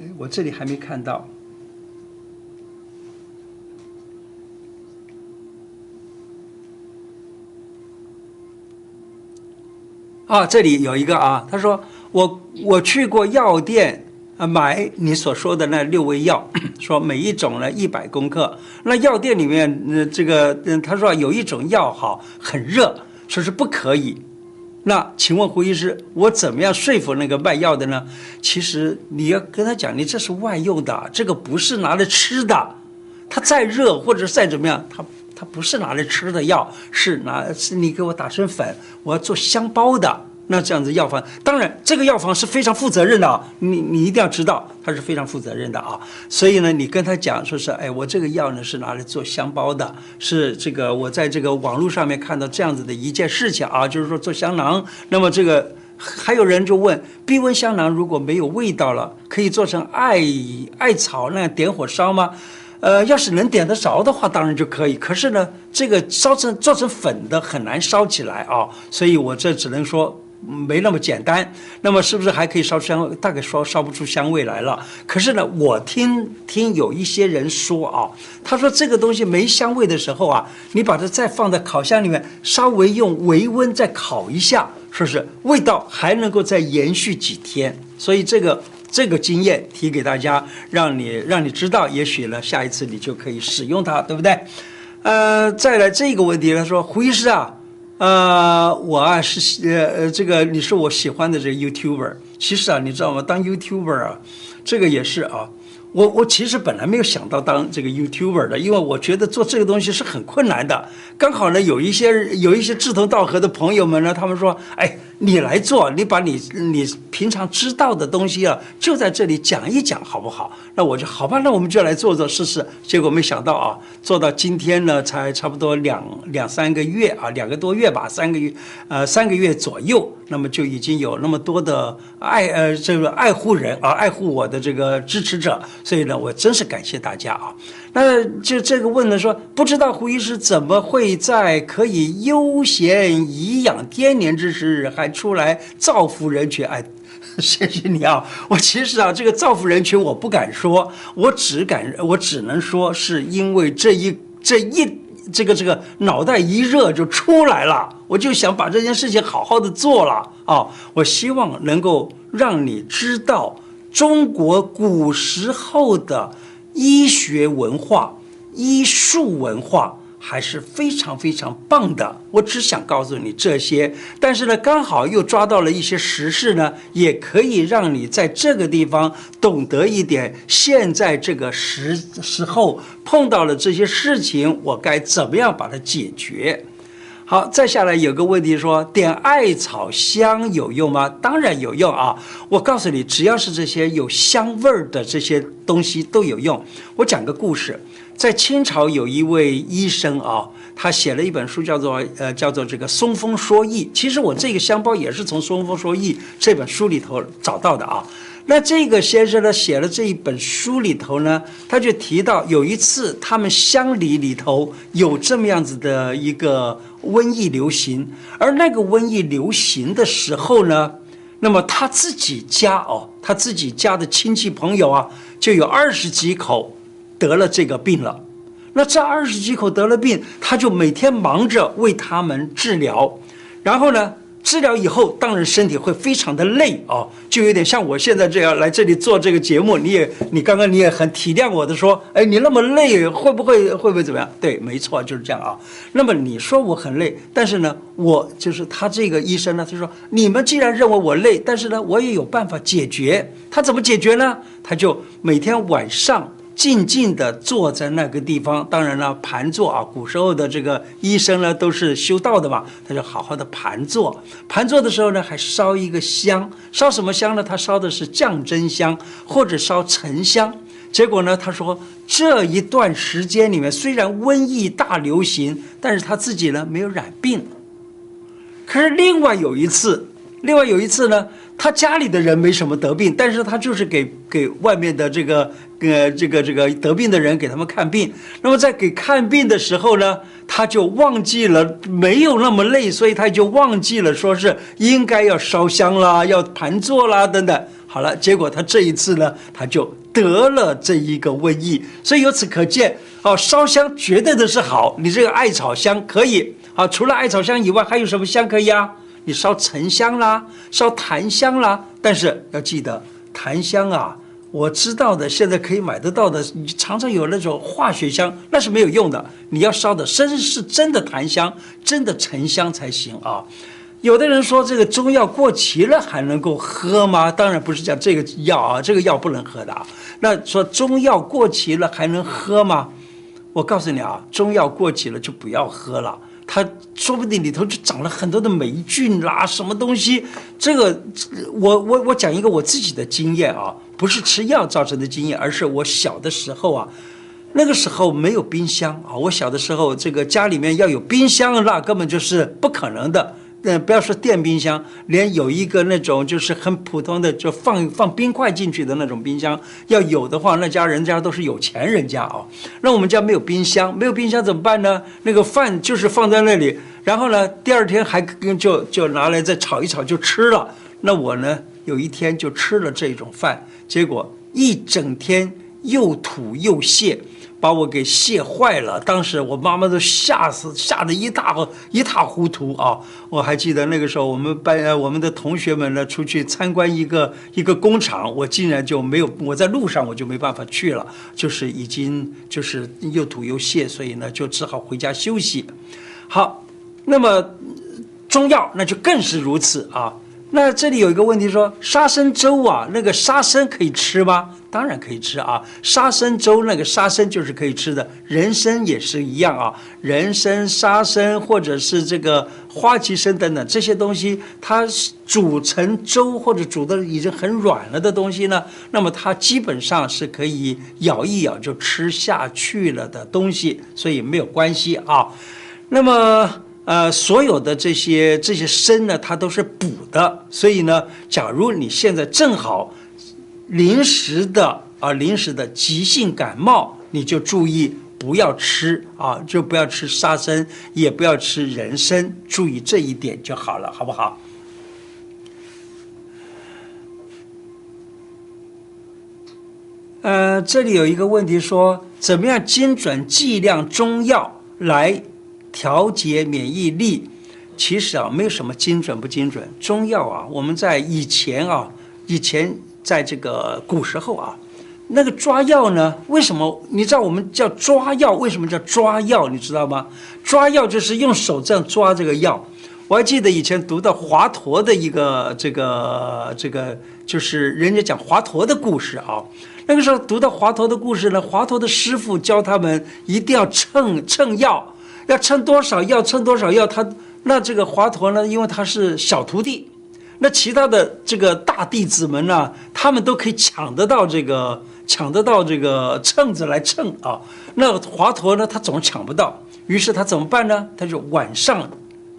哎，我這裡還沒看到。啊、哦，這裡有一個啊，他說我我去過藥店啊，買你所說的那六味藥，說每一種呢一百公克。那藥店裡面，呃，這個，他說有一種藥好很熱，說是不可以。那請問胡醫師，我怎麼樣說服那個賣藥的呢？其實你要跟他講，你這是外用的，這個不是拿來吃的。它再熱或者再怎麼樣，它。它不是拿來吃的藥，是拿是你給我打成粉，我要做香包的。那這樣子藥方，當然這個藥方是非常負責任的，你你一定要知道，它是非常負責任的啊。所以呢，你跟他講說是，哎，我這個藥呢是拿來做香包的，是這個我在這個網絡上面看到這樣子的一件事情啊，就是說做香囊。那麼這個還有人就問，避瘟香囊如果沒有味道了，可以做成艾艾草那樣點火燒嗎？呃，要是能點得着的話，當然就可以。可是呢，這個燒成做成粉的很難燒起來啊、哦，所以我這只能說沒那麼簡單。那麼是不是還可以燒香？大概燒燒不出香味來了。可是呢，我聽聽有一些人說啊，他說這個東西沒香味的時候啊，你把它再放在烤箱裡面，稍微用微溫再烤一下，是不是味道還能夠再延續幾天。所以這個。這個經驗提給大家，讓你讓你知道，也許呢，下一次你就可以使用它，對不對？呃，再來這個問題，他說胡醫師啊，呃，我啊是呃這個你是我喜歡的這個 YouTuber。其實啊，你知道嗎？當 YouTuber 啊，這個也是啊，我我其實本來沒有想到當這個 YouTuber 的，因為我覺得做這個東西是很困難的。剛好呢，有一些有一些志同道合的朋友們呢，他們說，哎。你來做，你把你你平常知道的東西啊，就在這裡講一講，好不好？那我就好吧，那我們就來做做試試。結果沒想到啊，做到今天呢，才差不多兩兩三個月啊，兩個多月吧，三個月，呃，三個月左右，那麼就已經有那麼多的愛，呃，這個愛護人啊，呃，愛護我的這個支持者，所以呢，我真是感謝大家啊。呃，就這個問的說，不知道胡醫師怎麼會在可以悠閒頤養天年之時，還出來造福人群？哎，謝謝你啊！我其實啊，這個造福人群我不敢說，我只敢，我只能說是因為這一這一這個這個腦袋一熱就出來了，我就想把這件事情好好的做了啊！我希望能夠讓你知道中國古時候的，醫學文化、醫術文化還是非常非常棒的。我只想告訴你這些，但是呢，剛好又抓到了一些時事呢，也可以讓你在這個地方懂得一點。現在這個時時候碰到了這些事情，我該怎麼樣把它解決？好，再下來有個問題說，點艾草香有用嗎？當然有用啊！我告訴你，只要是這些有香味兒的這些東西都有用。我講個故事，在清朝有一位醫生啊，他寫了一本書，叫做，呃，叫做這個《松峰說疫》。其實我這個香包也是從《松峰說疫》這本書裡頭找到的啊。那這個先生呢，寫了這一本書裡頭呢，他就提到有一次他們鄉里裡頭有這麼樣子的一個瘟疫流行，而那個瘟疫流行的時候呢，那麼他自己家哦，他自己家的親戚朋友啊，就有二十幾口得了這個病了。那這二十幾口得了病，他就每天忙着為他們治療，然後呢，治療以後，當然身體會非常的累啊、哦，就有點像我現在這樣來這裡做這個節目。你也，你剛剛你也很體諒我的說，哎，你那麼累，會不會會不會怎麼樣？對，沒錯，就是這樣啊、哦。那麼你說我很累，但是呢，我就是他這個醫生呢，就說你們既然認為我累，但是呢，我也有辦法解決。他怎麼解決呢？他就每天晚上。靜靜地坐在那個地方，當然了，盤坐啊。古時候的這個醫生呢，都是修道的嘛，他就好好的盤坐。盤坐的時候呢，還燒一個香，燒什麼香呢？他燒的是降真香或者燒沉香。結果呢，他說這一段時間裡面雖然瘟疫大流行，但是他自己呢，沒有染病。可是另外有一次，另外有一次呢。他家裡的人沒什麼得病，但是他就是給給外面的這個呃這個這個得病的人給他們看病。那麼在給看病的時候呢，他就忘記了沒有那麼累，所以他就忘記了說是應該要燒香啦，要盤坐啦等等。好了，結果他這一次呢，他就得了這一個瘟疫。所以由此可見，啊，燒香絕對的是好，你這個艾草香可以。啊，除了艾草香以外，還有什麼香可以啊？你燒沉香啦，燒檀香啦，但是要記得檀香啊，我知道的，現在可以買得到的，你常常有那種化學香，那是沒有用的。你要燒的，真是真的檀香，真的沉香才行啊。有的人說這個中藥過期了還能夠喝嗎？當然不是講這個藥啊，這個藥不能喝的啊。那說中藥過期了還能喝嗎？我告訴你啊，中藥過期了就不要喝了。他說不定裡頭就長了很多的霉菌啦，什麼東西？這個，我我我講一個我自己的經驗啊，不是吃藥造成的經驗，而是我小的時候啊，那個時候沒有冰箱啊，我小的時候這個家裡面要有冰箱啦，那根本就是不可能的。嗯，不要說電冰箱，連有一個那種就是很普通的，就放放冰塊進去的那種冰箱，要有的話，那家人家都是有錢人家啊，哦。那我們家沒有冰箱，沒有冰箱怎麼辦呢？那個飯就是放在那裡，然後呢，第二天還跟就就拿來再炒一炒就吃了。那我呢，有一天就吃了這種飯，結果一整天又吐又瀉。把我給瀉壞了，當時我媽媽都嚇死，嚇得一大一塌糊塗啊！我還記得那個時候，我們班我們的同學們呢，出去參觀一個一個工廠，我竟然就沒有，我在路上我就沒辦法去了，就是已經就是又吐又瀉，所以呢就只好回家休息。好，那麼中藥那就更是如此啊。那這裡有一個問題說，說沙參粥啊，那個沙參可以吃嗎？當然可以吃啊，沙參粥那個沙參就是可以吃的，人參也是一樣啊，人參、沙參或者是這個花旗參等等這些東西，它煮成粥或者煮的已經很軟了的東西呢，那麼它基本上是可以咬一咬就吃下去了的東西，所以沒有關係啊。那麼。呃，所有的這些這些參呢，它都是補的，所以呢，假如你現在正好臨時的啊、呃，臨時的急性感冒，你就注意不要吃啊，就不要吃沙參，也不要吃人參，注意這一點就好了，好不好？呃，這裡有一個問題說，說怎麼樣精準劑量中藥來？調節免疫力，其實啊，沒有什麼精準不精準。中藥啊，我們在以前啊，以前在這個古時候啊，那個抓藥呢，為什麼你知道我們叫抓藥？為什麼叫抓藥？你知道嗎？抓藥就是用手這樣抓這個藥。我還記得以前讀到華佗的一個這個這個，就是人家講華佗的故事啊。那個時候讀到華佗的故事呢，華佗的師傅教他們一定要稱稱藥。要稱多少藥，稱多少藥。他那這個華佗呢？因為他是小徒弟，那其他的這個大弟子們呢，他們都可以搶得到這個搶得到這個秤子來稱啊。那華佗呢，他總搶不到，於是他怎麼辦呢？他就晚上，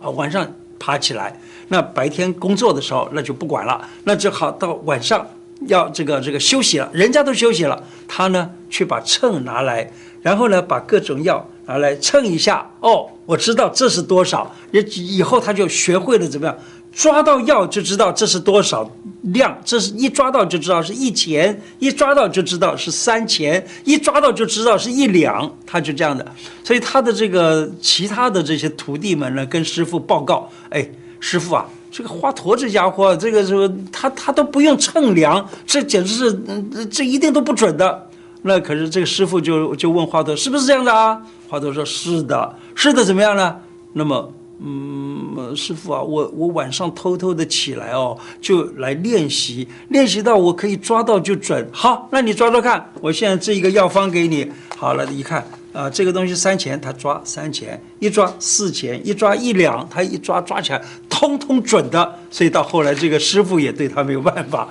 啊晚上爬起來，那白天工作的時候那就不管了，那就好到晚上。要這個這個休息了，人家都休息了，他呢去把秤拿來，然後呢把各種藥拿來稱一下。哦，我知道這是多少。也以後他就學會了怎麼樣，抓到藥就知道這是多少量，這是一抓到就知道是一錢，一抓到就知道是三錢，一抓到就知道是一兩。他就這樣的，所以他的這個其他的這些徒弟們呢，跟師父報告：哎，師父啊。這個華佗這家伙，這個是他他都不用稱量，這簡直是這這一定都不準的。那可是這個師傅就就問華佗是不是這樣的啊？華佗說是的，是的，怎麼樣呢？那麼嗯，師傅啊，我我晚上偷偷的起來哦，就來練習，練習到我可以抓到就準。好，那你抓抓看，我現在這一個藥方給你。好了，你看。啊，這個東西三錢他抓三錢，一抓四錢，一抓一兩，他一抓抓起來通通準的，所以到後來這個師傅也對他沒有辦法。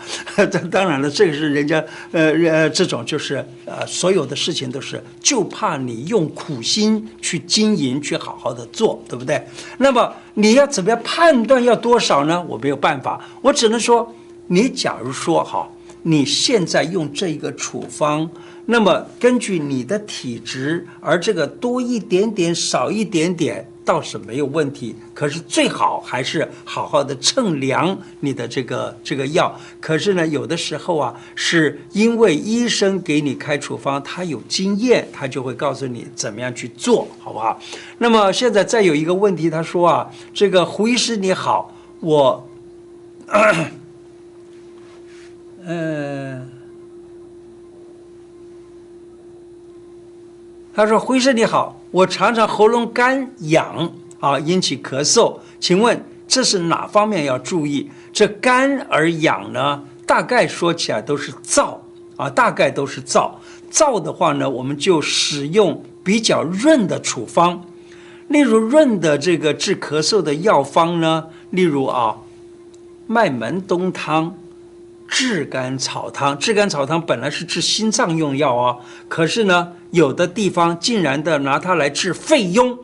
當當然了，這個是人家呃呃，這種就是呃，所有的事情都是就怕你用苦心去經營，去好好的做，對不對？那麼你要怎麼樣判斷要多少呢？我沒有辦法，我只能說，你假如說哈，你現在用這一個處方。那麼根據你的體質，而這個多一點點、少一點點倒是沒有問題。可是最好還是好好的稱量你的這個這個藥。可是呢，有的時候啊，是因為醫生給你開處方，他有經驗，他就會告訴你怎麼樣去做好不好？那麼現在再有一個問題，他說啊，這個胡醫師你好，我咳咳，嗯、呃。他說：“胡醫生，你好，我常常喉嚨乾癢啊，引起咳嗽，請問這是哪方面要注意？這乾而癢呢，大概說起來都是燥啊，大概都是燥。燥的話呢，我們就使用比較潤的處方，例如潤的這個治咳嗽的藥方呢，例如啊麥門冬湯。”炙甘草湯，炙甘草湯本來是治心臟用藥啊、哦，可是呢，有的地方竟然的拿它來治肺癰，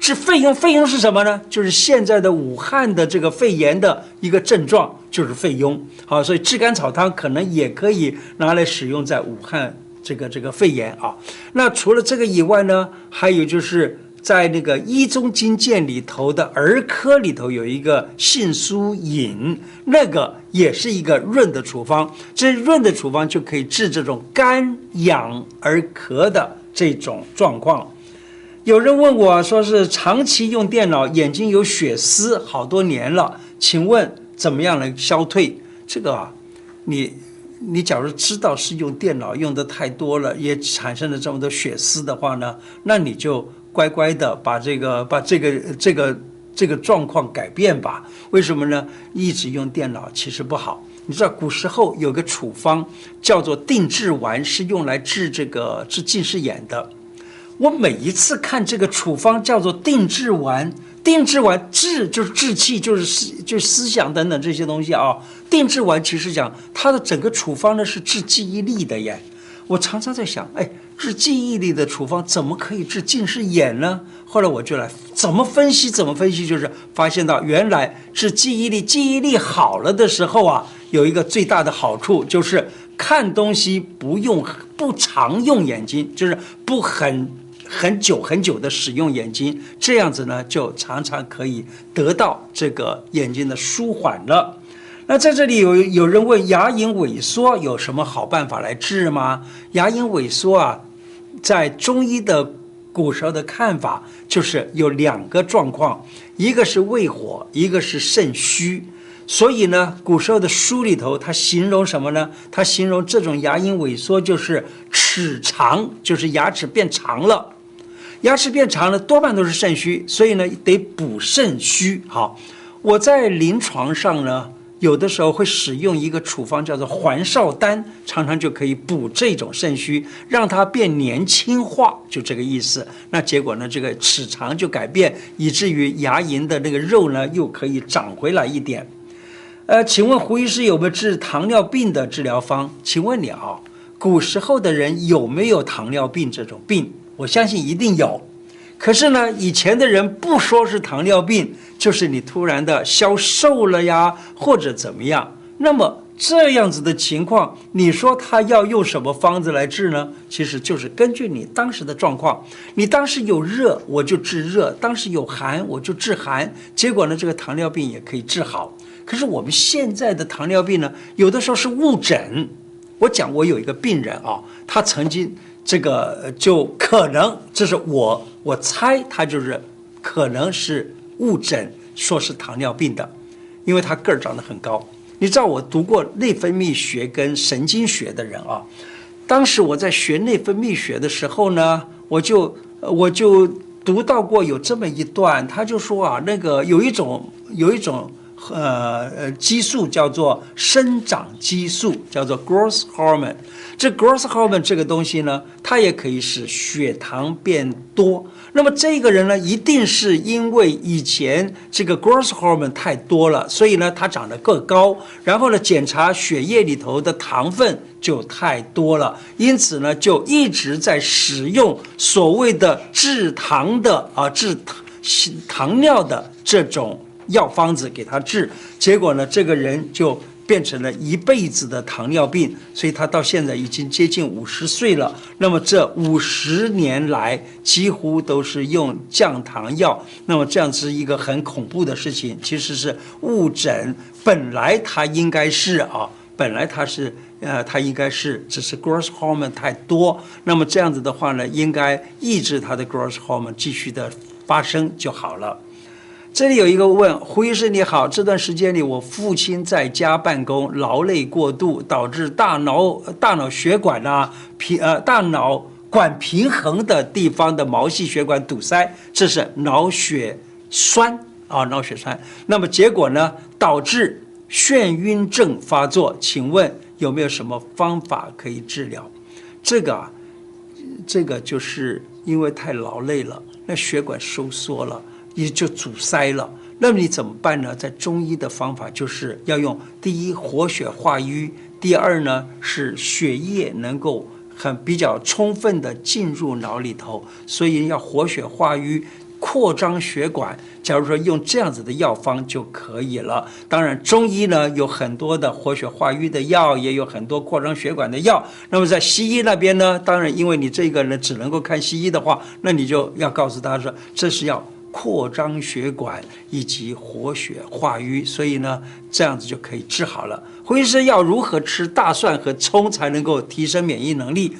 治肺癰，肺癰是什麼呢？就是現在的武漢的這個肺炎的一個症狀，就是肺癰。好、啊，所以炙甘草湯可能也可以拿來使用在武漢這個這個肺炎啊。那除了這個以外呢，還有就是。在那個《醫宗金鑑》裡頭的兒科裡頭有一個杏蘇飲，那個也是一個潤的處方，這潤的處方就可以治這種乾癢而咳的這種狀況。有人問我說，是長期用電腦，眼睛有血絲，好多年了，請問怎麼樣能消退？這個啊，你你假如知道是用電腦用的太多了，也產生了這麼多血絲的話呢，那你就。乖乖的，把這個把這個這個這個狀況改變吧。為什麼呢？一直用電腦其實不好。你知道古時候有個處方叫做定志丸，是用來治這個治近視眼的。我每一次看這個處方叫做定志丸，定志丸，志就是志氣，就是思就是、思想等等這些東西啊。定志丸其實講它的整個處方呢，是治記憶力的耶。我常常在想，哎。治記憶力的處方怎麼可以治近視眼呢？後來我就來怎麼分析怎麼分析，就是發現到原來治記憶力記憶力好了的時候啊，有一個最大的好處就是看東西不用不常用眼睛，就是不很很久很久的使用眼睛，這樣子呢就常常可以得到這個眼睛的舒緩了。那在這裡有有人問牙齦萎縮有什麼好辦法來治嗎？牙齦萎縮啊。在中醫的古時候的看法，就是有兩個狀況，一個是胃火，一個是腎虛。所以呢，古時候的書裡頭，它形容什麼呢？它形容這種牙齦萎縮就是齒長，就是牙齒變長了。牙齒變長了多半都是腎虛，所以呢得補腎虛。好，我在臨床上呢。有的時候會使用一個處方，叫做還少丹，常常就可以補這種腎虛，讓它變年輕化，就這個意思。那結果呢，這個齒長就改變，以至於牙齦的那個肉呢，又可以長回來一點。呃，請問胡醫師有沒有治糖尿病的治療方？請問你啊，古時候的人有沒有糖尿病這種病？我相信一定有。可是呢，以前的人不說是糖尿病，就是你突然的消瘦了呀，或者怎麼樣。那麼這樣子的情況，你說他要用什麼方子來治呢？其實就是根據你當時的狀況，你當時有熱，我就治熱；當時有寒，我就治寒。結果呢，這個糖尿病也可以治好。可是我們現在的糖尿病呢，有的時候是誤診。我講我有一個病人啊，他曾經。這個就可能，這是我我猜他就是，可能是誤診，說是糖尿病的，因為他個兒長得很高。你知道我讀過內分泌學跟神經學的人啊，當時我在學內分泌學的時候呢，我就我就讀到過有這麼一段，他就說啊，那個有一種有一種。呃，激素叫做生長激素，叫做 growth hormone。這 growth hormone 這個東西呢，它也可以使血糖變多。那麼這個人呢，一定是因為以前這個 growth hormone 太多了，所以呢，他長得個高。然後呢，檢查血液裡頭的糖分就太多了，因此呢，就一直在使用所謂的治糖的啊治糖糖尿的這種。藥方子給他治，結果呢，這個人就變成了一輩子的糖尿病。所以他到現在已經接近五十歲了。那麼這五十年來幾乎都是用降糖藥。那麼這樣子一個很恐怖的事情，其實是誤診。本來他應該是啊，本來他是呃，他應該是只是 growth hormone 太多。那麼這樣子的話呢，應該抑制他的 growth hormone 繼續的發生就好了。這裡有一個問，胡醫生你好，這段時間裡我父親在家辦公，勞累過度，導致大腦大腦血管呐、啊、平呃大腦管平衡的地方的毛細血管堵塞，這是腦血栓啊、哦，腦血栓。那麼結果呢，導致眩暈症發作。請問有沒有什麼方法可以治療？這個啊，這個就是因為太勞累了，那血管收縮了。你就阻塞了，那麼你怎麼辦呢？在中醫的方法就是要用第一活血化瘀，第二呢是血液能夠很比較充分的進入腦裡頭，所以要活血化瘀，擴張血管。假如說用這樣子的藥方就可以了。當然中醫呢有很多的活血化瘀的藥，也有很多擴張血管的藥。那麼在西醫那邊呢，當然因為你這個呢只能夠看西醫的話，那你就要告訴他說這是要。擴張血管以及活血化瘀，所以呢，這樣子就可以治好了。胡醫生要如何吃大蒜和蔥才能夠提升免疫能力？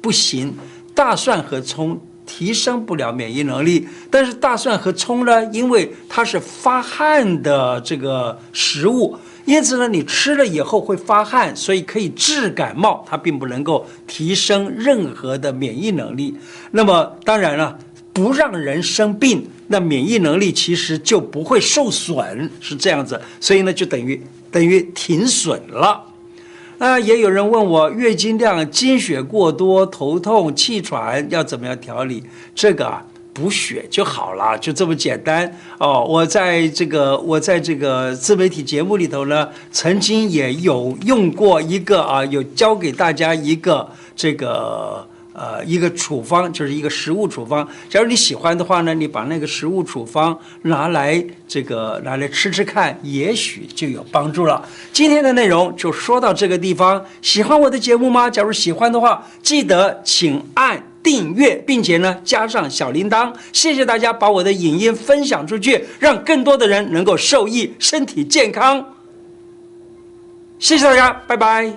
不行，大蒜和蔥提升不了免疫能力。但是大蒜和蔥呢，因為它是發汗的這個食物，因此呢，你吃了以後會發汗，所以可以治感冒。它並不能夠提升任何的免疫能力。那麼當然了。不讓人生病，那免疫能力其實就不會受損，是這樣子。所以呢，就等於等於停損了。那、呃、也有人問我月經量、經血過多、頭痛、氣喘要怎麼樣調理？這個啊，補血就好了，就這麼簡單哦。我在這個我在這個自媒體節目裡頭呢，曾經也有用過一個啊，有教給大家一個這個。呃，一個處方就是一個食物處方。假如你喜歡的話呢，你把那個食物處方拿來，這個拿來吃吃看，也許就有幫助了。今天的內容就說到這個地方。喜歡我的節目嗎？假如喜歡的話，記得請按訂閱，並且呢加上小鈴鐺。謝謝大家把我的影音分享出去，讓更多的人能夠受益，身體健康。謝謝大家，拜拜。